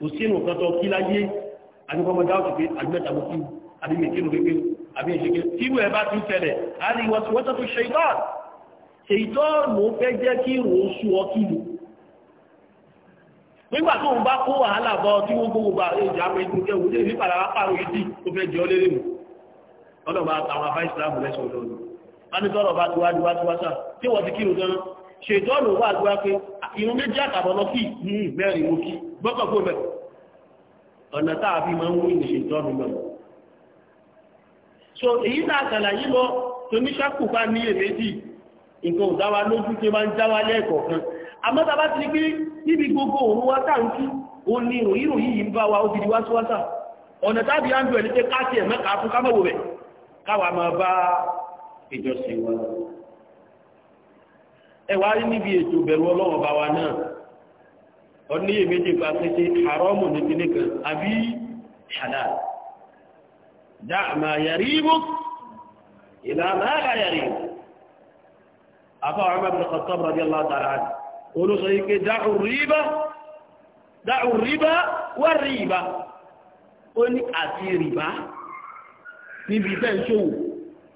kò sínú kọtọ kí láyé àdúgbò dáwùjọ pé àdúgbò tàbí kí àbí mi kínú pépé àbí ìṣèké tíwù ẹ bá ti tẹ́lẹ̀ a rí wọ́n tí wọ́n tọ́tù ṣeitán ṣeitán ló fẹ́ jẹ́ kí ìrò oṣù ọkìlù nígbà tó ń bá kó wàhálà bọ tí wọ́n gbogbo bá èjì àmọ́ ìdún kẹwù lè ní pàdà wá ìdí tó fẹ́ jẹ́ ọ lérè mù ọlọ́ba àtàwọn afá ìsìlámù anítọ́rọ̀ bá ti wá diwá diwá sáà tí wọ́n ti kírò dáná ṣètọ́nù wà gbá pé irun méjì àtàbọ̀ lọ kí ní hmm, mẹ́rin mú kí gbọ́kàn kó mẹ́ ọ̀nà táà fi máa ń wí ní ṣètọ́nù mẹ́rin so èyí tá a ṣàlàyé lọ tó ní ṣàkù bá ní èméjì nǹkan ò dáwa lójú tí máa ń jáwá lẹ́ẹ̀kọ̀ kan àmọ́ tá a bá ti rí pé níbi gbogbo òun wá tá à ń kí ó ní ìròyìn ìròyìn yìí ń bá wa ó ti síwáṣà ọ̀nà tábí ìjọsìn wa ẹ wá rí níbi ètò ìbẹ̀rù ọlọ́wọ́ bá wa náà ọdún yìí méjì pa pété haramu ní kíní kan àbí halal dáàmà yàrí mú ìlànà àgbà yàrí mú afọ́ Umar bin Khattab radiyallahu ta'ala anhu olùsọ yìí pé dáhù ríbá wà ríbá ó ní àti ríbá níbi bẹ́ẹ̀ ṣòwò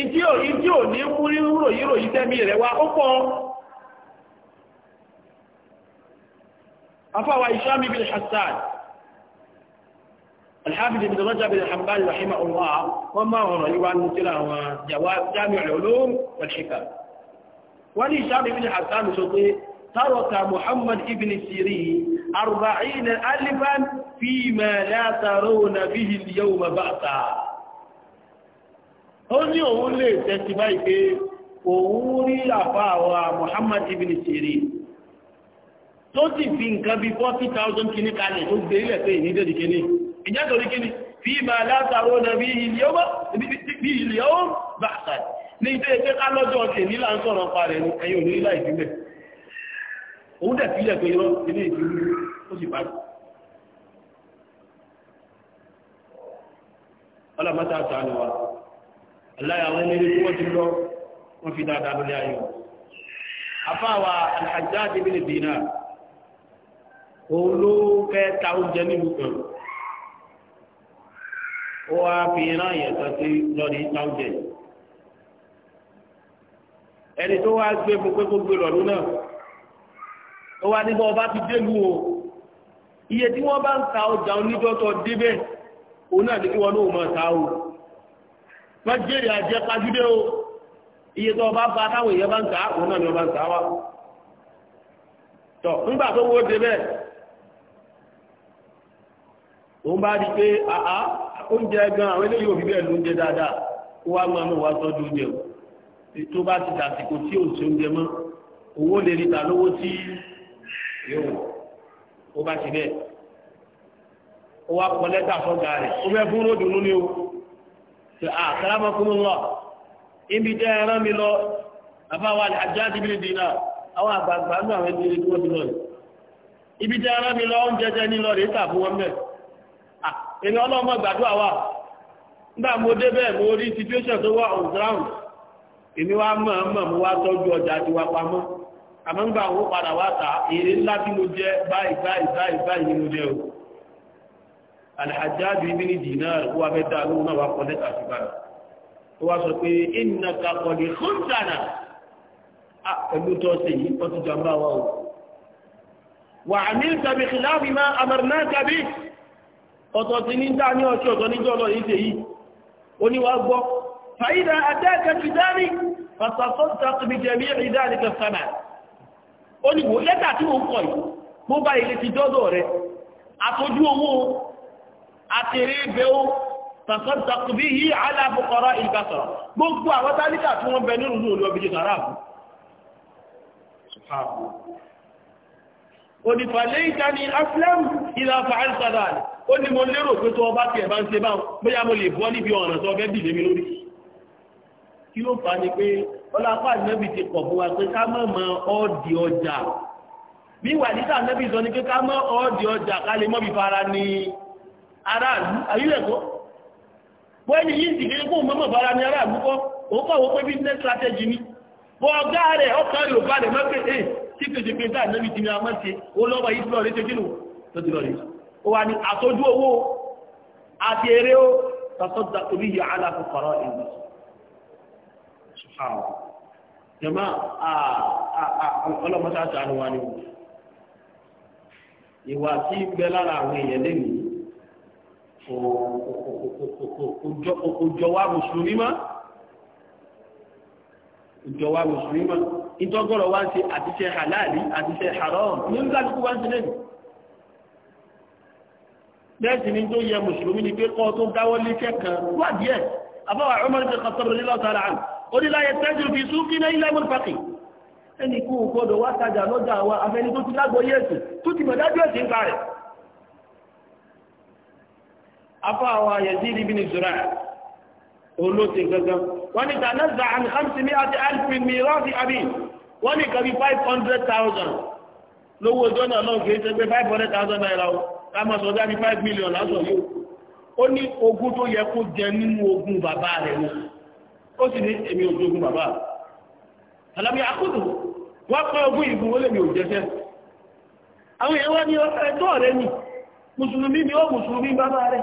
ìdí ò ìdí ò ní mú rí ròyìn ròyìn tẹ́mi rẹ̀ wá ó pọ̀ afáwa ìṣámi bin Hassan alhamdu bin Rajab bin Hanbal rahimahullah wọ́n máa ọ̀rọ̀ yíwá ní tíra jàwá Jami' al-Ulum wal-Hikam wọ́n ní ìṣámi bin Hassan sọ pé ترك محمد ابن سيرين أربعين ألفا فيما لا ترون به اليوم بأسا ó ní òun lè tẹ́sí báyìí pé òun rí àfa àwa Muhammad ibn Sirin tó sì fi nǹkan bíi forty thousand kìíní kalẹ̀ tó gbé ilẹ̀ pé ìnídẹ̀ di kìíní ìjà kìíní fi ma látàrọ nàbí ilé ó bá àṣà ní ilé ẹgbẹ́ ká lọ́jọ́ ọ̀tẹ̀ nílà ń sọ̀rọ̀ pa rẹ̀ ẹ̀yìn òní ilá ìfilẹ̀ òun dẹ̀ fílẹ̀ pé irọ́ ilé ìfilú ó sì báyìí ọlọ́mọ́ta sàánú wa láyé àwọn ẹni tí wọ́n ti lọ wọ́n fi dáadáa lórí ayé wọn. afáwa alhajjáde bí lè dènà òun ló fẹ́ ta oúnjẹ nínú kan ó wá fi iná yẹn tán sí lọ́ọ̀dì ta oúnjẹ yìí ẹni tó wá gbé fún gbogbo ìrọ̀lú náà ó wá nígbà ọba ti délùú o iye tí wọ́n bá ń ta ọjà onídọ́tọ̀ débẹ̀ òun náà ní kí wọ́n lóun máa ta o wọ́n jèrè àjẹ pàjúdé o iye tó ọba bá táwọn èèyàn bá ń tà á òun náà ni ọba ń tà á wá tọ ńgbà tó wó dé bẹ́ẹ̀ òun bá di pé àá oúnjẹ gan àwọn eléyìí òbí bẹ́ẹ̀ ló ń jẹ dáadáa kó wá máa mú wa tọ́jú oúnjẹ o tó bá ti dàsìkò tí ò sí oúnjẹ mọ́ owó lè rí ta lówó tí yóò ó bá ti bẹ́ẹ̀ ó wá kọ lẹ́tà fọ́gà rẹ̀ ó fẹ́ fún ròdùnú ni o. pé àkàràmọ́kúnmọ́ ah, ibi tẹ́ ẹran mi lọ àbáwá àjáde bí dìínà àwọn àgbààgbà ní àwọn ẹni tí wọ́n ti lọ rẹ̀ ibi tẹ́ ẹran mi lọ ń jẹjẹ ní lọ rẹ̀ ìta fún wọn bẹ́ẹ̀ ah, èmi ọlọ́mọ gbàdúrà mo dé bẹ́ẹ̀ mo rí situation tó wà on ground èmi wá mọ̀ mọ̀ mo wá tọ́jú ọjà tí wá pamọ́ àmọ́ nígbà wo padà wá ta mo jẹ alhajjáàbí ibi ní dinar wà fẹ́ dá lóhun náà wà kọ́ lẹ́tà sí bára ó wá sọ pé ìnà kakọ̀lì kúntànà pẹ̀lú tó ṣe yìí ó ti jàmbá wa o wà ní tàbí kìláàbí máa àmàrìnà tàbí ọ̀tọ̀ ti ní dá ní ọ̀ṣọ́ ọ̀tọ̀ níjọ́ lọ yìí yìí àti rí bẹ́ẹ̀ tàṣọ tàkùbí yìí alábùkọ́rọ́ ìgbà sọ̀rọ̀ gbogbo àwọn tálíkà tí wọ́n bẹ nínú olú ọbìjì sàrà bù. onífàlẹ́ ìtàní aflam ìlà fàáìl sàdà ó ní mo lérò pé tó ọba tiẹ̀ ń ṣe báwọn bóyá mo lè bọ́ níbi ọ̀ràn tó ọbẹ̀ bìlẹ̀ mi lórí. kí ló fà á pé ọlọ́pàá ànábì ti pọ̀ fún wa pé ká mọ̀ mọ́ ọ́ọ̀dì ọjà bí wà nígbà ànábì sọ ni pé ká mọ̀ ọ́ọ̀dì ọjà ká lè mọ́ bí fara ní aráàlú ayílẹ̀kọ́ bọ́ ẹni yìí ti kéré fún mọ́mọ̀ bára ní aráàlú kọ́ òun kọ́ wọ́pẹ́ business strategy ni bọ́ ọgá rẹ̀ ọkọ̀ rẹ̀ òbá rẹ̀ mọ́pẹ́ ẹ̀ tí pèsè pé dáà lórí ti ní amọ́ ṣe ó lọ́wọ́ yìí lọ rẹ̀ ìwà tí ń lára àwọn èèyàn lẹ́yìn kò jọ wá mùsùlùmí mọ́ ìjọ wá mùsùlùmí mọ́ ìtọ́gọ́rọ̀ wá ń ṣe àtiṣẹ́ halali àtiṣẹ́ haram ní ń gbàdúkú wá ń ṣe lẹ́nu bẹ́ẹ̀ sì ni tó yẹ mùsùlùmí ni pé kọ́ tó dáwọ́ léṣẹ́ kan wádìí ẹ̀ àbáwá Umar bin Khattab radiyallahu ta'ala anhu oníláyẹ tẹ́jú fi súnkínà ilẹ̀ mọ́lùfàkì ẹni kú gbọdọ̀ wá tajà lọ́jà wa afẹ́ni tó ti lágbọ́ yẹ́sù tó ti mọ̀ dájú ẹ̀sìn ń parẹ̀ afáwa Yazid ibn Zur'a olóṣè gangan wọ́n ní tànàzà àmì hamsimi àti alfin mìíràn ti àbí wọ́n ní kàbí five hundred thousand lówó ọjọ́ náà kìí ṣe pé five hundred o ká máa sọ dábí million lásán yìí ó ní ogún tó yẹ kó jẹ nínú ogún bàbá rẹ̀ ni ó sì ní èmi ò jogún bàbá alábi àkóso wọ́n pẹ́ ogún ìbú ó lè mi ò jẹ́sẹ́ àwọn èèyàn wá ní ẹjọ́ rẹ̀ ni mùsùlùmí ni ó mùsùlùmí bàbá rẹ̀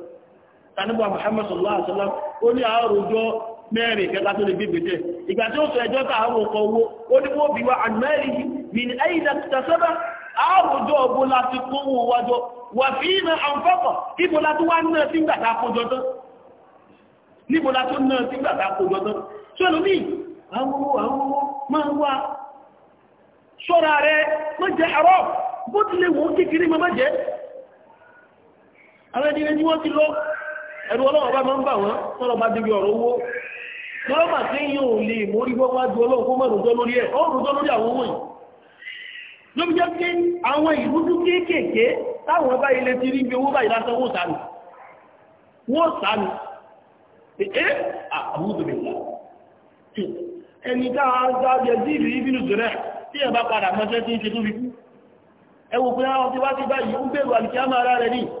tanúbà Muhammad sallallahu alaihi o ni arojo àáròjọ́ kẹta tó lè gbé gbèjẹ́ ìgbà tí ó sọ ẹjọ́ tá àwọn ọkọ̀ owó ó ní wọ́n bí wa àmẹ́rin bí ní ẹ̀yìn ìdàkùtàsọ́bà àáròjọ́ ọgbó láti kówó wájọ́ wà fi àǹfọ́kọ̀ la tó wá náà sí gbàtà àkójọ tán níbo la tó náà sí ẹ̀rù ọlọ́wọ́ bá máa ń bà wọ́n tọ́lọ́ bá débi ọ̀rọ̀ owó tọ́lọ́ bá tí yín ò lè mórí gbọ́ wájú ọlọ́run kó mọ̀rùn jọ lórí ẹ̀ ó rùn jọ lórí àwọn owó yìí lóbi jẹ́ pé àwọn ìrújú kéékèèké táwọn bá ilé ti rí ibi owó báyìí lásán wó sànù wó sànù ẹ àbúdòbìlà ẹni tá a gbá jẹ sí ìrírí bínú jẹrẹ tí ẹ bá padà mọ́ṣẹ́ tí ń ṣe tó fi kú ẹ wò pé àwọn ti wá sí báyìí ń bèrò àlùkí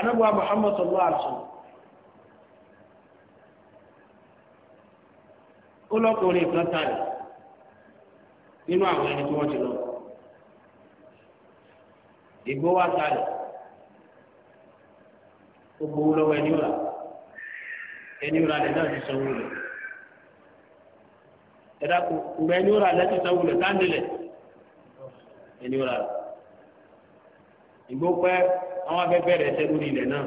anábùwà Muhammad sallallahu alaihi wasallam ó lọ́kùnrin kan tààrí nínú àwọn ẹni tí wọ́n ti lọ ìgbó wa tààrí ó gbowó lọ́wọ́ ẹni rà ẹni rà lẹ́ náà ti sanwó rẹ̀ ẹ̀dá kò ǹgbẹ́ ẹni rà lẹ́ ti sanwó rẹ̀ táǹdì lẹ̀ ẹni rà ìgbó àwọn afẹ́ bẹ̀rẹ̀ ẹsẹ̀ lórí ilẹ̀ náà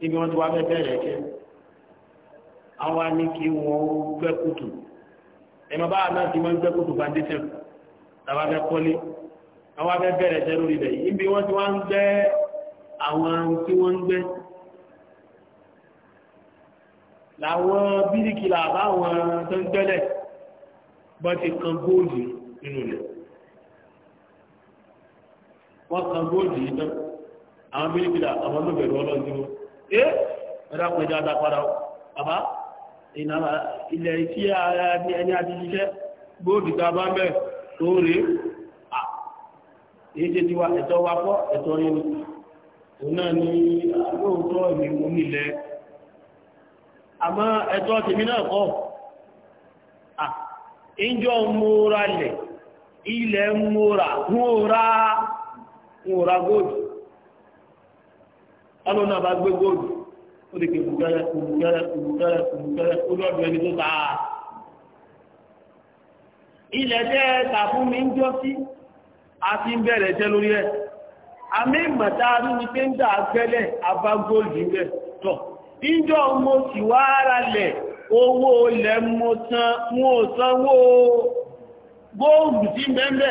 níbi wọn ti wá fẹ́ bẹ̀rẹ̀ ẹsẹ̀ àwa ní kí wọ́n gbẹ́ kùtù ẹ̀mọ́ bá àná ti wọ́n gbẹ́ kùtù foundation tàbá fẹ́ kọ́lé àwọn afẹ́ bẹ̀rẹ̀ ẹsẹ̀ lórí ilẹ̀ yìí níbi wọn ti wá ń gbẹ́ àwọn tí wọ́n ń gbẹ́ làwọn bíríkìlà àbáwọn tó ń gbẹ́lẹ̀ bọ́ ti kan góòlù nínú rẹ̀ wọ́n san góòlù yìí tán àwọn bíríkìlà àwọn ló ọlọ́dúnrún ẹ ẹ̀rọ àpèjọ adápadà bàbá ìnáwó ilẹ̀ tí ẹni àti góòlù tá a bá mẹ́ tó èyí ṣe ti ẹ̀tọ́ wa ẹ̀tọ́ yẹn òun náà ní àmọ́ ẹ̀tọ́ tèmi náà kọ́ ilẹ̀ ń wòra góòlù ọlọ́run náà bá gbé ó lè ẹni tó ilẹ̀ tẹ́ ta mi ń jọ sí a ti ń bẹ̀rẹ̀ tẹ́ lórí ẹ̀ àmì ìmọ̀ta rí ni pé ń dà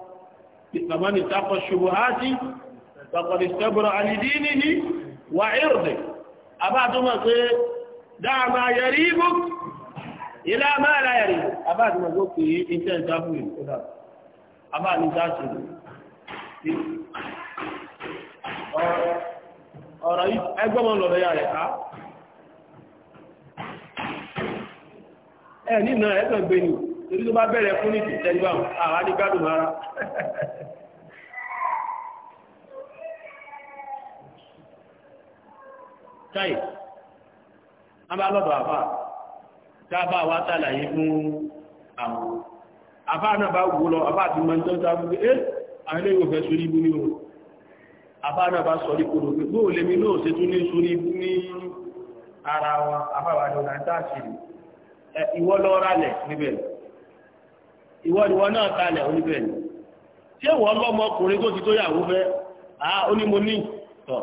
فمن اتقى الشبهات فقد استبرأ عن دينه وعرضه أبعد ما دع ما يريبك إلى ما لا يريبك أبعد ما قلت إنت تابوي أبعد ما تاسد ọ̀rọ̀ ẹgbọ́mọ̀ lọ̀rọ̀ ya rẹ̀ ká ẹ̀ nínú ẹgbẹ̀gbẹ̀ yìí torí tó bá bẹ̀rẹ̀ fún nìtì tẹ́lú àwọn àwọn adigbádùn ara. táyì a bá lọ́dọ̀ àbá tá a bá wa sàlàyé fún àwọn àbá náà bá wù lọ àbá àti mọ̀ nítorí táwọn fún ẹ́ àwọn ilé sórí ibú ní o àbá náà bá sọ ní pé bóò lèmi náà ṣe tún ní sórí ibú ní ara wa àbáwá lọ́la ń dáṣe ìwọ́ lọ́ọ́ rálẹ̀ níbẹ̀ ìwọ ìwọ náà kalẹ̀ oníbẹ̀ ni tí ìwọ ọlọ́mọkùnrin tó ti tó yàwó fẹ́ à ó ní mo ní tọ̀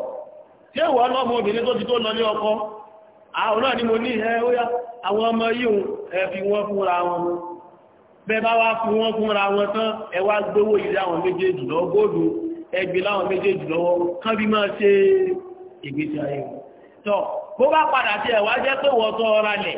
tí ìwọ ọlọ́mọbìnrin tó ti tó lọ ní ọkọ àwọn náà ni mo ní ẹ ó yá àwọn ọmọ yíò ẹ fi wọ́n fúnra wọn bẹ́ẹ̀ bá wá fún wọn fúnra wọn tán ẹ wá gbówó ilé àwọn méjèèjì lọ góòlù ẹgbẹ̀ láwọn méjèèjì lọ́wọ́ kán bí máa ṣe ìgbésí ayé tọ́ bó bá padà sí ẹ̀wà jẹ́ pé wọ́n tọ́ ọ̀rá lẹ̀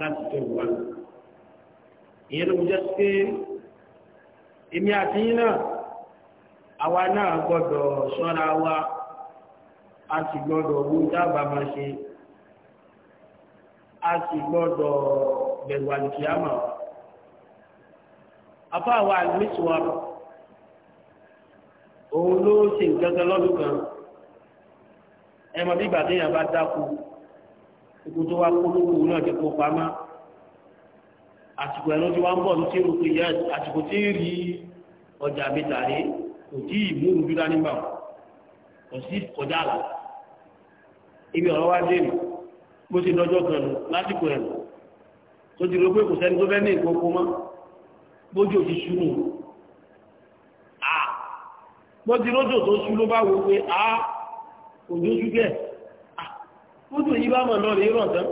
láti jọ wà ìyẹn ló jẹ́ pé èmi àti yín náà àwa náà gbọ́dọ̀ ṣọ́ra wa a sì gbọ́dọ̀ owó dábàá máa ṣe a sì gbọ́dọ̀ bẹ̀rù àlùkìyàmà afọ àwa àlùmísùwà òun ló ṣe nǹkan kan lọ́dún kan ẹ mọ bí ìgbà téèyàn bá dákú. gbogbo tó wá polówó náà ti kó pamọ́ àsìkò ẹ̀rọ tí wá bọ̀ yẹ àsìkò tí ń rí ọjà mi tàrí kò tí ì mú ojú dání bá kò sí kọjá àlà ibi ọ̀rọ̀ wá dé ti kan lásìkò ẹ̀rọ tó ti kò sẹ́ni tó fẹ́ ní kúndù yìí bá mọ̀ lọ rí rọ̀tán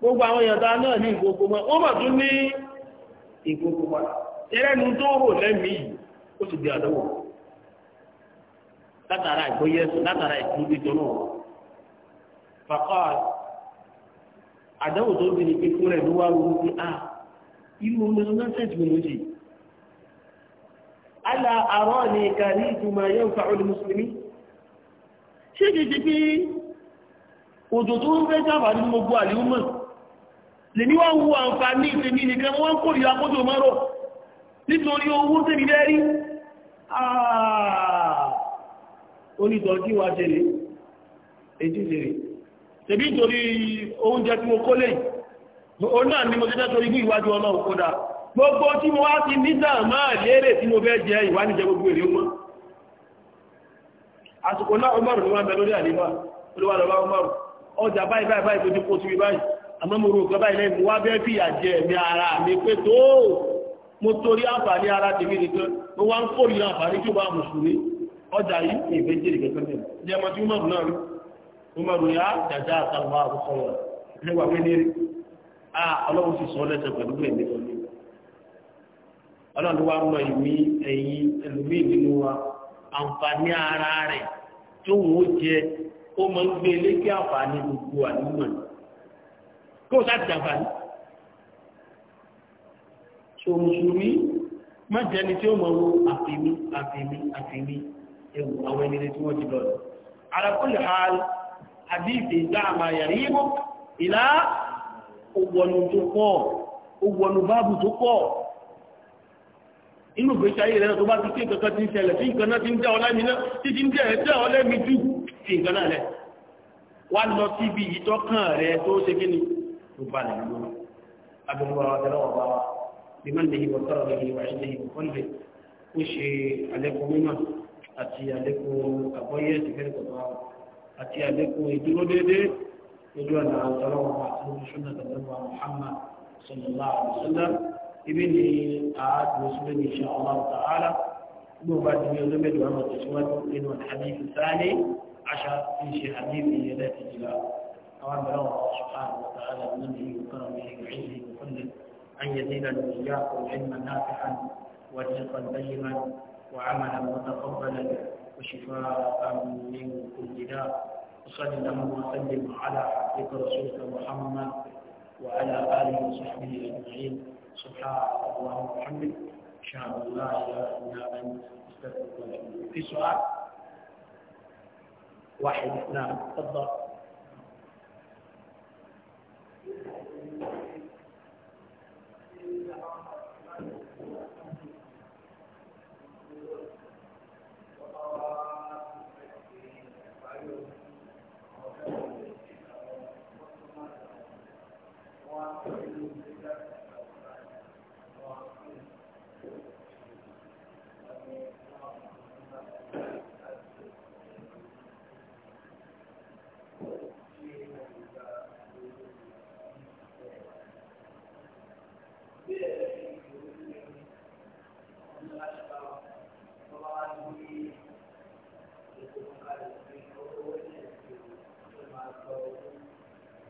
gbogbo àwọn èèyàn tá a náà ní ìgbogbo mọ́ ó mọ̀ tún ní ìgbogbo wa ẹlẹ́nu tó rò lẹ́mìí ó sì di àdánwò látara ìgbóyẹsùn látara ìgbóyẹsùn tó náà fàkọ́ àdánwò tó bí pé fúnra ló wá wọ́n pé a ah, irú omi ọ̀nà sẹ́ẹ̀tì mi ló ṣe àrọ́ ni kàrí ìtumọ̀ yẹn fa olùmùsùlùmí ṣé kìí ṣe pé òjò tó ń fẹ́ jàbà ní gbogbo àlèúmọ̀ lè ní wọ́n wo àǹfààní ìsinmi nìkan wọ́n kò rí akójò mọ́rọ̀ nítorí owó tẹ́lì lẹ́rí onítọ̀jú wa jẹ́lẹ̀ èjìlẹ̀ tẹ̀bí torí oúnjẹ tí mo kó lè ni mo tẹ́tẹ́ torí ìwájú ọlọ́run kódà gbogbo tí mo wá ti nígbà máa lérè tí mo fẹ́ jẹ ìwánijẹ gbogbo èrè mọ́ àsìkò náà Umaru ni wọ́n bẹ lórí àlébà olúwàlọ́wà Umaru ọjà báyìí báyìí báyìí lójú kó síbi báyìí àmọ́ mo rò nǹkan báyìí lẹ́yìn mo wá bẹ́ẹ̀ fìyà jẹ ẹ̀mí ara mi pé tó mo torí àǹfààní ara tèmi nìkan mo wá ń kórìíra àǹfààní tí ó bá mùsùlùmí ọjà yìí kì í fẹ́ jèrè kẹ́kẹ́ bẹ̀rẹ̀ jẹ́ ọmọ tí ó mọ̀rún náà rí mo mọ̀rún yá ah, jàjà àtàwọn àkókò wọn nígbà pé ní a ah, ọlọ́run sì sọ lẹ́sẹ̀ pẹ̀lú ẹ̀mí ọ̀lẹ́ ọlọ́run wa mọ ìmí ẹ̀yìn ẹlòmíì nínú wa àǹfààní ara rẹ̀ tó wọ́n jẹ ó máa ń gbé e lékè àǹfààní gbogbo àdúgbò kó o láti jàǹfààní. so mùsùlùmí má jẹni tí ó mọ̀ wo àfìmí àfìmí àfìmí ewu àwọn ẹni tí wọ́n ti lọ rẹ̀. àràkùnlé hàl àdìsí dáàmà yàrá yìí mọ́ ìlà òwònù tó pọ̀ òwònù báàbù tó pọ̀ inú ìgbésí ayé rẹ̀ tó bá ti ṣe kankan ti ń ṣẹlẹ̀ tí nǹkan náà ti ń jẹ́ ọlẹ́mi náà títí ń jẹ́ ẹ̀ jẹ́ ọlẹ́mi jù fi nǹkan náà lẹ̀ wá lọ síbi ìtọ́kàn rẹ tó ṣe kí ni tó bá lè lórí abẹ́lúwà ọ̀dẹ́lọ́wọ̀ bá wa bí máa lèyí wọ́n tọ́rọ lèyí wà ilé ìwọ̀n kan lè ó ṣe àlékún mímọ̀ àti àlékún àgbọ́yé ìfẹ́ kọ̀tọ̀ àti àlékún ìdúró déédé lójú ọ̀nà ọ̀dọ́lọ́wọ̀ àti lójú ṣúná tàbẹ́lúwà Muhammad sallallahu alaihi wasallam ibi ni àádùn sílẹ̀ ní insha Allah ta'ala gbogbo bá ọdún mẹ́jọ àwọn tẹ̀síwájú nínú àdìsí عشر في حديثه يدات إلى أوامر الله سبحانه وتعالى بمنه وكرمه وعزه وكله أن يزيدنا وإياكم علما نافعا ورزقا طيبا وعملا متقبلا وشفاء من كل داء وصلى اللهم وسلم على عبدك رسولك محمد وعلى آله وصحبه أجمعين سبحان اللهم وبحمدك أن شاء الله إلا أنت أستغفرك في سؤال واحد اثنان تفضل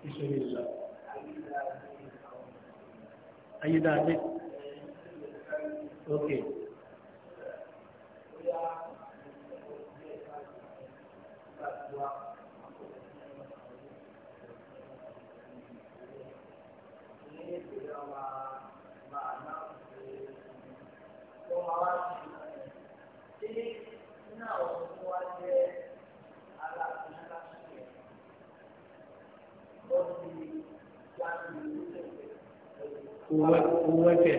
ìṣòro ìlà ayé dáadé ok. owó ẹ̀fẹ̀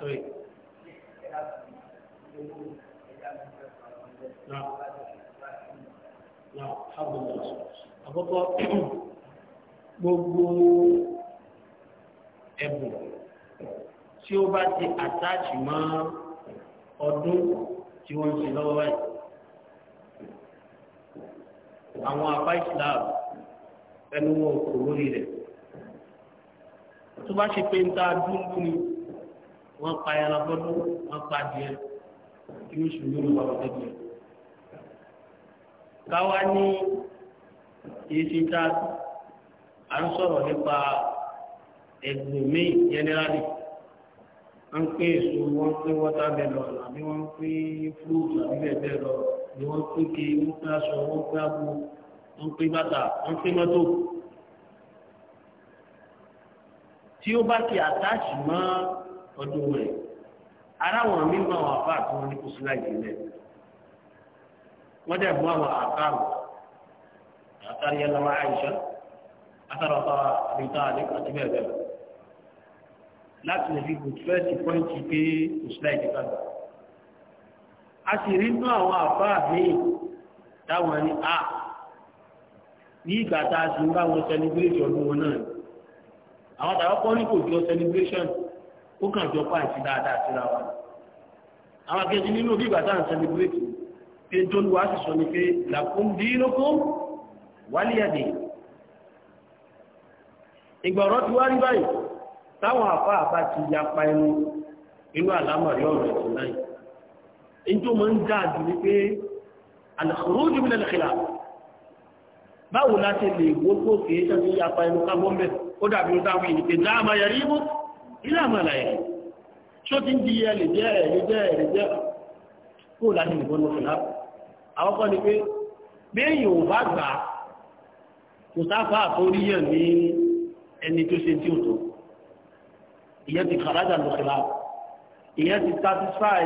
sọ̀rọ̀ náà náà àbùdá àkọ́kọ́ gbogbo ẹ̀bùn tí ó bá ti àtàkì mọ́ ọdún tí wọ́n ń ṣe lọ́wọ́ báyìí àwọn apá ìsìláàmù ẹnu wọn kò lórí rẹ̀ tó bá ṣe pé ń ta dúnkù ni wọ́n pa ẹran fọ́dún wọ́n pa adìẹ kí ó ṣùgbọ́n ló wà wọ́n tẹ́lẹ̀. káwa ní èsì tá a ń sọ̀rọ̀ nípa ẹ̀gbìn míì jẹ́nẹ́rálì wọ́n pè èso wọ́n pè wọ́tàmẹ́lọ̀ àbí wọ́n pè fúrúùtù àbí bẹ́ẹ̀ bẹ́ẹ̀ lọ ni wọ́n pè ké wọ́n pè aṣọ wọ́n pè àgbo wọ́n pè bàtà wọ́n pè mọ́tò. tí ó bá ti àtàṣì mọ́ ọdún rẹ̀ aráwọn mímọ́ àwọn àbá àti wọn ní kò sí láì nílẹ̀ wọ́n dẹ̀ mú àwọn àkàrò àtàrí ẹlọ́wọ́ àìṣá àtàrà ọ̀tọ̀ àbíta àdé àti bẹ́ẹ̀ bẹ́ẹ̀ láti lè fi gùn fẹ́ẹ̀sì pọ́ǹtì pé kò sí láì nípa gbà a sì rí nú àwọn àbá míì táwọn ní a ní ìgbà tá a sì ń bá wọn sẹlẹbírẹ̀tì ọdún wọn náà àwọn tàwọn kọ́ ní kò jọ celebration ó kàn jọ pa àti dáadáa síra wa àwọn akẹ́kẹ́ nínú bí ìbàdàn celebrate pé jọ́lùwà sì sọ ni pé làkún dínúkú wálíyàdì ìgbà ọ̀rọ̀ ti wá rí báyìí táwọn àfa àbá ti ya pa ẹnu inú àlámọ̀rí ọ̀rọ̀ ẹ̀sìn náà èyí tó máa ń dá àjù ni pé al-khuruj min al-khilaf báwo láti lè wó tó kéé sẹ́ni ya pa ẹnu kábọ́n bẹ́ẹ̀ ó dàbí táwọn ìdíkè láàmà yẹrí mú ìlàmà láyẹ̀ ṣó ti ń di ẹlẹ̀ jẹ́ ẹ̀lẹ̀ jẹ́ ẹ̀lẹ̀ jẹ́ kó láti nìkan lọ fìlà àwọn kan ni pé béèyàn ò bá gbà kò sáfà àforíyàn ní ẹni tó ṣe tí ò tó ìyẹn ti kàrájà lọ fìlà ìyẹn ti satisfy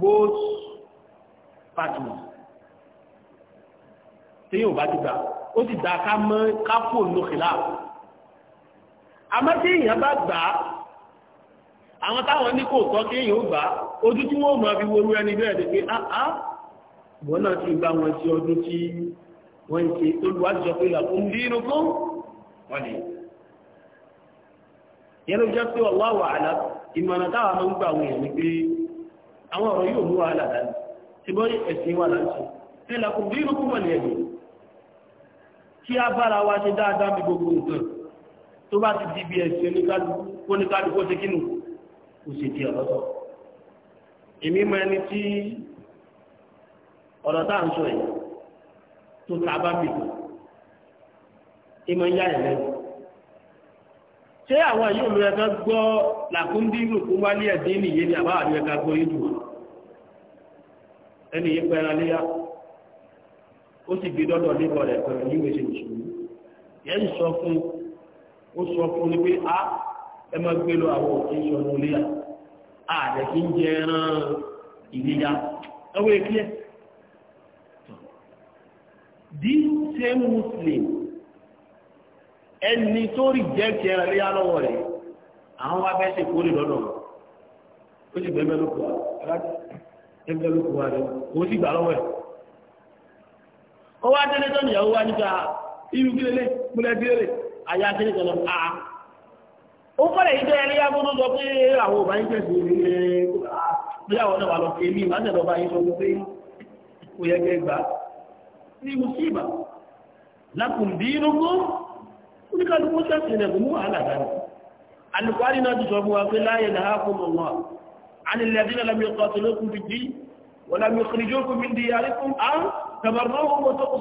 both parties. tí yóò bá ti gbà ó ti dá ká mọ́ ká fò lọ fìlà àmọ́ tí èèyàn bá gbà á àwọn táwọn ní kò tọ́ kí èèyàn ó gbà á ojú tí wọ́n máa fi worú ẹni bẹ́ẹ̀ ni pé áá ah, ah, wọ́n náà ti bá wọn ṣe ọdún tí wọ́n ń ṣe olùwádìí sọ pé làkún dínú fún wọn ni yẹn ló jẹ́ pé ọ̀wá wàhálà ìmọ̀ràn táwọn máa ń gbà àwọn ni pé àwọn ọ̀rọ̀ yóò mú wàhálà dání tí bọ́ ẹ̀sìn wà láǹṣẹ́ tí làkún dínú fún wọn ni ẹ̀yìn kí á bára wa ṣe dáadáa bí gbogbo nǹkan tó bá ti di bí ẹ̀sìn oníkálukú oníkálukú ó ti kínú kò sì di ọ̀lọ́tọ̀ èmi mọ ẹni tí ọ̀rọ̀ tá à ń sọ yìí tó ta bá mi tó ìmọ̀ ń yá ẹ̀ lẹ́nu ṣé àwọn yóò lọ ẹ̀ka gbọ́ làkúndínlù kó wálé ẹ̀dín nìyé ni àbáwá ló ẹ̀ka gbọ́ yìí dùn ẹni yìí pẹ́ ẹran léyà ó sì gbé dọ́dọ̀ lébọ̀ rẹ̀ pẹ̀lú yíwèé ṣe mùsùlùmí yẹn sọ fún un ó sọ fún ni pé a ẹ máa gbé lọ àwọn òkè a rẹ̀ kí ń jẹ ẹran iléyà ẹwọ́ èkí ẹ̀. this same muslim ẹni tó rí jẹ́ ti ẹran iléyà lọ́wọ́ rẹ̀ àwọn wá fẹ́ ṣe kórè lọ́dọ̀ ó sì bẹ́ẹ̀ bẹ́ẹ̀ ló kù wá ẹ rẹ̀ òun sì gbà lọ́wọ́ ẹ̀ ó àyà kíní kan lọ a ó kọ́lẹ̀ yìí dẹ́rẹ́ yá fún lọ́sọ pé àwọn ò bá yín tẹ̀sí ní ẹ bí àwọn náà wà lọ fi èmi ìmáṣẹ́ lọ́ba yín sọ pé kò yẹ kẹ́ gbà ní mùsíbà lákùn dínú kó oníkàlùkù sẹ́sìn rẹ̀ kò mú wàhálà dání alùpàdé náà ti sọ fún wa pé láyé làá fún mọ̀mọ́ àlìlẹ́dínlẹ́ lọ́mọ ìkọ́ tó lókun fi dí wọ́n lọ́mọ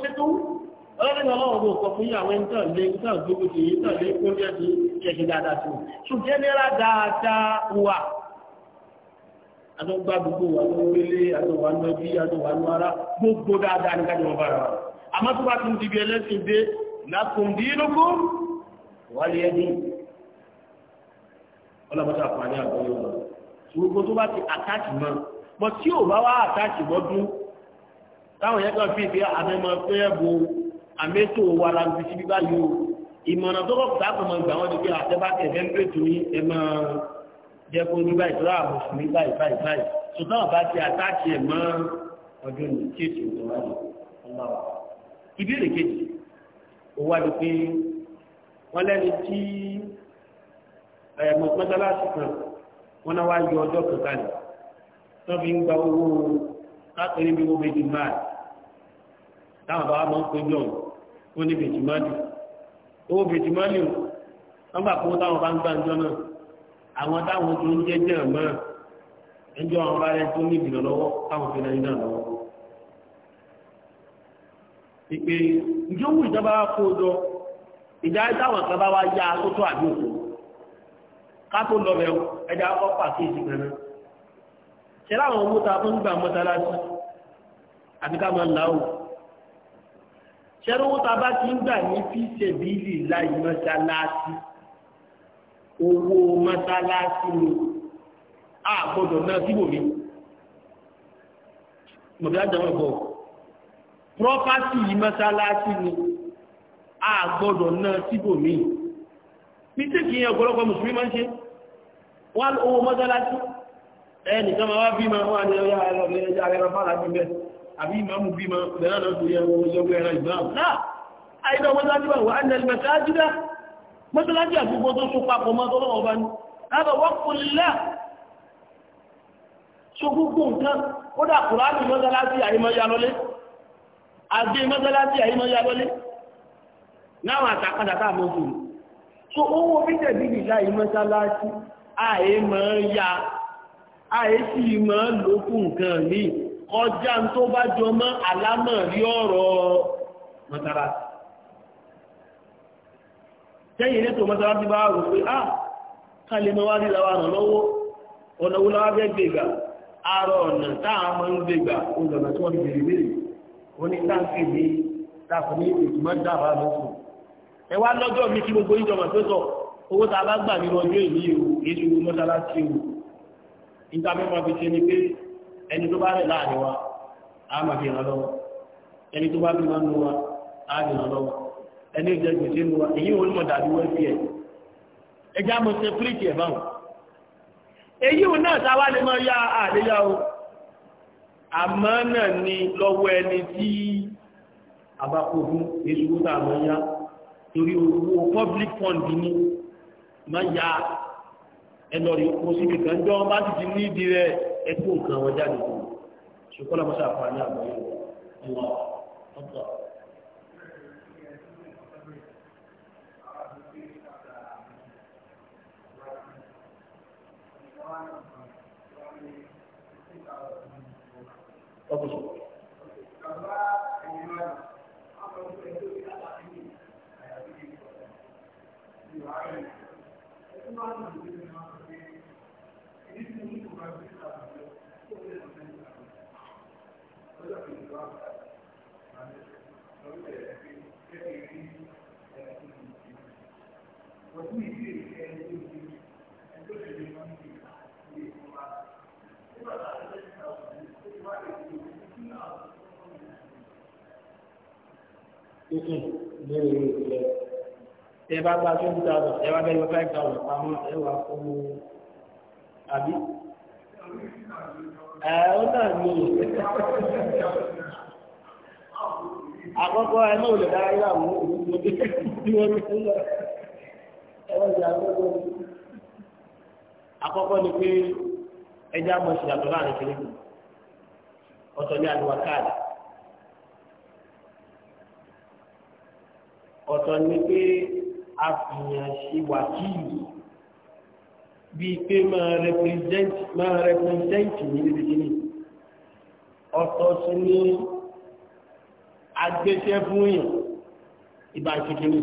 ìkọ́ ọlọ́dún ọlọ́run ló sọ fún yí àwọn ẹni tàn lé tàn gbogbo sí yí tàn lé fún jẹ́ sí ṣẹ̀ṣẹ̀ dáadáa sí ṣù jẹ́nẹ́rà dáadáa wà adọ́gba gbogbo wà ló wọlé adọ́wà ló bí adọ́wà ló ara gbogbo dáadáa ní kájọ bára wa àmọ́ tó bá tún dìbì ẹlẹ́sìn dé lákùn bí lóko wálé ẹni ọlọ́mọta fún àní àgbọ̀yọ̀ lọ ṣùgbọ́n tó bá ti àtàkì mọ́ mọ́ tí ò bá wá àtàkì mọ́ dún táwọn yẹn kàn fi ìfẹ́ àmẹ́mọ́ fẹ́ bo àmẹ́tò wa la fi síbi báyìí o ìmọ̀ràn tó kọ̀ọ̀tà kò mọ̀ gbà wọ́n ti pé àtẹ́bá tẹ̀fẹ́ ń pè tó yín ẹ máa jẹ́ kó ní báyìí tọ́lá àmùsùnmí báyìí báyìí báyìí sọ̀tàn ọ̀bá ti àtàkì ẹ̀ mọ́ ọdún ní tí èsì òjò wáyé ọlọ́wà. ìbéèrè kejì ó wá di pé wọ́n lẹ́ni tí ẹ̀mọ̀ mọ́sálásì kan wọ́n náà wá yọ ọjọ́ kankan lẹ̀ tó fi ń gba owó káàkiri bí wọ́n bẹ di máàlì táwọn bàbá máa ń pè jọ̀ọ́ ó ní bèjìmálì owó bèjìmálì o wọ́n gbà fún táwọn bá ń gbà ńjọ́ náà àwọn táwọn tó ń jẹ́ jẹ́ mọ́ ẹjọ́ àwọn bá rẹ tó ní ìdìnnà lọ́wọ́ táwọn fi náà ń dà lọ́wọ́. ìpè ǹjẹ́ owó ìjọba wa kó o jọ ìjà táwọn kan bá wá yá tó tó àbí òkú ká tó lọ bẹ̀ ẹja kọ́ pàkíyèsí kan náà ṣẹlẹ̀ àwọn owó ta fún gbà mọ́tálásí àti máa ń la òkú ṣẹ́rọ́wó ta bá ti ń gbà ní fíṣẹ̀bílì láì mọ́ṣáláṣí owó mọ́ṣáláṣí ni a gbọ́dọ̀ náà síbò mi mọ̀bí àjọwọ̀ bọ̀ prọ́pátì mọ́ṣáláṣí ni a gbọ́dọ̀ náà síbò mi mítìkì yẹn ọ̀pọ̀lọpọ̀ mùsùlùmí máa ń ṣe wọ́n owó mọ́ṣáláṣí ẹnìkan máa wá bí máa wà ní ọjọ́ àbí ìmáàmù bímọ lẹ́nà náà tó yẹ wọn lọ́gbẹ́ ẹran ìmáàmù náà àìdọ́ mọ́sájú àwọn anẹ́lẹ́mẹ́sájú dá mọ́sájú àgbogbo tó so papọ̀ mọ́ tọ́lọ́wọ́ ọba ní lábẹ̀ wọ́n kò lẹ́ so gbogbo nǹkan ó dà kùránì mọ́sálásí àìmọ́yálọ́lé so owó bíjẹ̀ bíbí láì mọ́sálásí àìmọ́ ya àìsí mọ́ lókùn nǹkan míì kọjá tó bá jọ mọ́ àlámọ̀ rí ọ̀rọ̀ mọ́sálásí tẹ́yìn lẹ́tọ̀ mọ́sálásí bá rò pé ah ká lè mọ́ wá rí làwọn àrùn lọ́wọ́ ọ̀nà wo láwọn fẹ́ gbègbà ara ọ̀nà táwọn ọmọ ń gbègbà olùdọ̀nà tí wọ́n fi bèrè bèrè wọ́n ní táǹkì ní táàkù ní ẹni tó bá rẹ̀ láàrin wa a máa fi ràn lọ́wọ́ ẹni tó bá bí wọn nu wa a fi ràn lọ́wọ́ ẹni ìjẹ gbèsè nu wa èyí wọn mọ̀ dàbí wọ́n fi ẹ̀ ẹjá mo ṣe píríkì ẹ̀ báwọn èyí wọn náà táwa lè máa yá àléyá o àmọ́ náà ni lọ́wọ́ ẹni tí àbákòókún èṣù tá a máa yá torí owó public fund ni máa ya ẹlọ́rìí kó síbi kan jọ bá ti ti ní ìdí rẹ̀ ẹ kó nǹkan wọn jáde kù ṣùgbọ́n lọ́mọ ṣàfàní àgbáyé ìwà ọ̀tọ̀. Thank sùn lórí ìlẹ̀ tẹ bá gba twenty thousand ẹ wá bẹ́ẹ̀ yọ five thousand pamọ́ ẹ wà fún un àbí. ẹ ó náà ní àkọ́kọ́ ẹ náà lè dára yà wọ́n òun tí wọ́n ti lọ ẹ wọ́n ti àkọ́kọ́ ni. àkọ́kọ́ ni pé ẹja mọ̀ ṣìyàtọ̀ láàrin kìnìún ọ̀tọ̀ ní àdìwà káàdì. ọ̀tọ̀ ni pé àfihàn ṣe wàkíìlì bíi pé máa rẹpìrìsẹ́ǹtì máa rẹpìrìsẹ́ǹtì ní bíbélì ọ̀tọ̀ sí ní agbéṣẹ́ fún yàn ìbá kékeré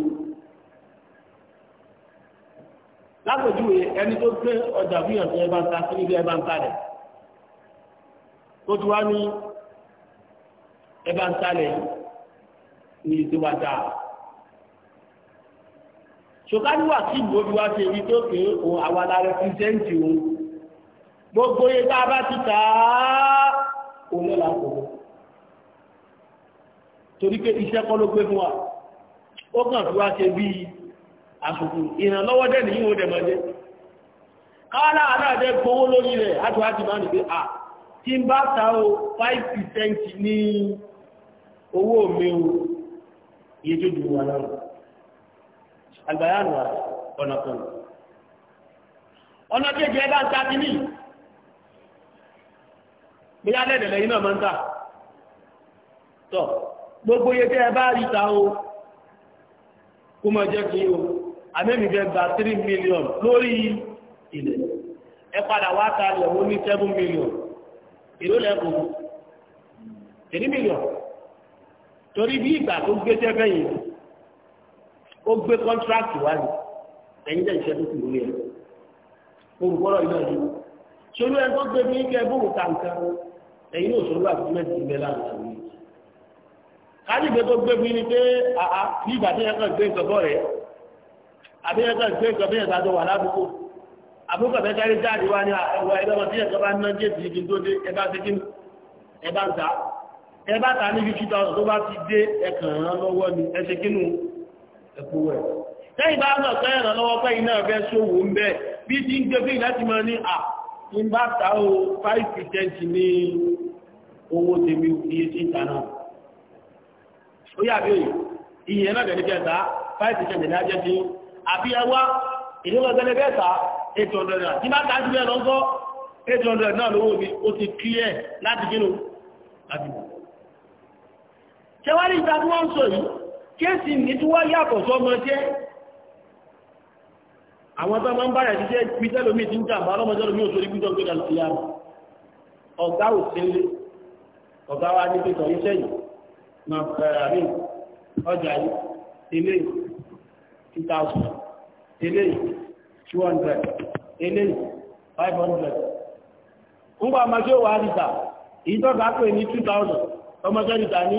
lápòjúwe ẹni tó gbé ọjà fún yàn tó ẹ ń ta sí níbi ẹ ń ta rẹ̀ tó ti wá ní ẹ ń ta rẹ̀ ní ìdíwájà ṣùgbọ́n wà sí ìgbòbi wá ṣe ibi tó ké òun àwa la rẹpírẹsẹ̀ǹtì òun gbogbo yẹn tá a bá ti tà á òun lọ́la kò wọ́n torí pé iṣẹ́ kọ́ ló gbé fún wa ó kàn fi wá ṣe bíi àsùkù ìrànlọ́wọ́ dẹ̀ nìyí wo dẹ̀ mọ́ dé káwálà àdáàdẹ gbowó lórí rẹ̀ àti wá ti máa nìgbé à tí ń bá ta o five percent ní owó mi o iye tó dùn wà náà àgbàyànù ọ̀nà kan ọ̀nà kejì ẹ̀dá ń ta ti ní bí á lẹ́dẹ̀lẹ̀ iná ń tọ́ gbogbo iye tẹ́ ẹ rí ta o kó mọ̀ jẹ́ kí o gba 3 million lórí ilẹ̀ ẹ padà wá ta lẹ̀ wọ́n ní 7 million lẹ́kùn 3 million torí bí ìgbà tó gbé tẹ́fẹ́ ó gbé kọ́ńtíráàtì wá ní ẹ̀yìn tẹ̀ ìṣẹ́ tó kù lórí ẹ̀ olùkọ́rọ̀ yìí náà ni ṣolú ẹ̀ tó gbé ní kẹ́ bóun ta nǹkan ẹ̀yìn ò ṣòro àti mẹ́tì ìgbẹ́ láàrin àwọn yìí kálífẹ́ tó gbé mi ni pé àá bí ìgbà tó yẹ kàn gbé nǹkan bọ́ rẹ̀ àbí yẹ kàn gbé nǹkan bí yẹn tàjọ wà ládùúgbò àbúkọ̀ fẹ́ kárí jáde wá ní ẹwà ẹgbẹ́ wọn tí yẹ kọ́ bá ná jẹ́bi ibi tó dé ẹ bá ti kí ẹ bá ń ta ẹ bá ta ní fifty thousand tó bá ti dé ẹ kàn án lọ́wọ́ ni ẹ ṣe kínú ẹ̀kọ́ wẹ̀. lẹ́yìn bá mọ̀ pé ìrànlọ́wọ́ pé iná ẹ̀fẹ́ ṣòwò ń bẹ bí ti ń gbé bí láti mọ ní à ń bá ta o five ní owó tèmi iye tí ń náà. ó yà bí ìyẹn náà tẹ̀lé kẹta five percent ní sí àbí ẹ wá ìdíwọ̀n tẹ̀lé kẹta eight hundred tí bá ta jù bẹ́ẹ̀ lọ́gọ́ eight náà lówó mi ó ti clear láti kí ṣé wá ní ìgbà tí wọ́n ń sọ yìí kéèsì ní tí wá yàtọ̀ sọmọ jẹ́ àwọn tó máa ń báyà jíjẹ́ pítẹ́lómi ti ń jà bá lọ́mọdé lómi ò sórí gbígbọ́ gbéra lórí máa two thousand ilé two hundred ilé five hundred ńgbà máa ṣe wàá dìtà ìyí tó pè ní two thousand ọmọ sẹ́dìtà ní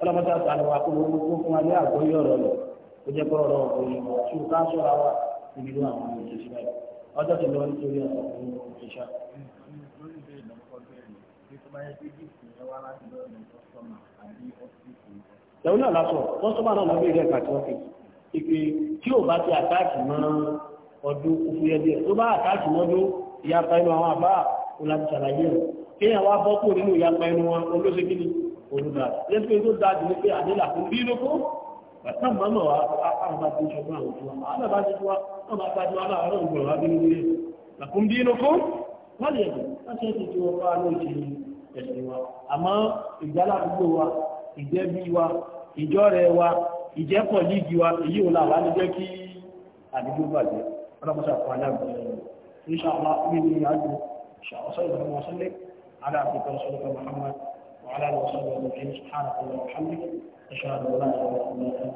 ọlọ́mọdé àti àlọ́ wa kó ló gbogbo fún wa ní àgbọ́yé ọ̀rọ̀ rẹ̀ ó jẹ́ kó ọ̀rọ̀ òyìn tí o ká sọ̀rọ̀ wa níbi ló àwọn ọmọ ìṣẹ̀ṣẹ̀ báyìí ọjọ́ tó lọ nítorí ọ̀rọ̀ òyìn ìṣẹ̀ṣẹ̀. ìyàwó náà lásọ kọ́sọ́mà náà lọ́gbé ilé ẹ̀ka tí wọ́n fi ìpè tí ò bá ti àtáàkì mọ́ ọdún òfúyẹ́ díẹ̀ tó bá àtáàkì mọ́dún ìyapa inú àwọn àbá òun láti ṣàlàyé rẹ̀ kéèyàn wá bọ́ kúrò nínú ìyapa inú wọn olóṣèkí òun náà yẹn pé tó dájú ní pé àdélà fún bí lóko bàtà mọ́mọ́ wa àwọn bá ti ń ṣọgbọ́n àwọn òṣùwà àwọn bá ti wá wọn bá tajú aláàárọ̀ ògbọ̀n wá bí nílé làkún bí lóko wọ́n lè dùn wọ́n ṣe ti ti wọn bá lóòjì ẹ̀sìn wa àmọ́ ìgbàládùúgbò wa ìjẹ́bí wa ìjọ́rẹ̀ wa ìjẹ́pọ̀ lígi wa èyí ò láwá ní jẹ́ kí àdúgbò bàjẹ́ ọlọ́pàá fún aláàbẹ̀rẹ̀ إن شاء الله من يعد إن شاء الله صلى الله عليه وسلم على عبدك ورسولك محمد وعلى اله وصحبه اجمعين سبحانك الله وبحمدك اشهد ان لا اله الا انت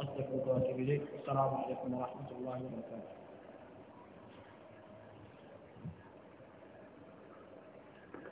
استغفرك واتوب اليك والسلام عليكم ورحمه الله وبركاته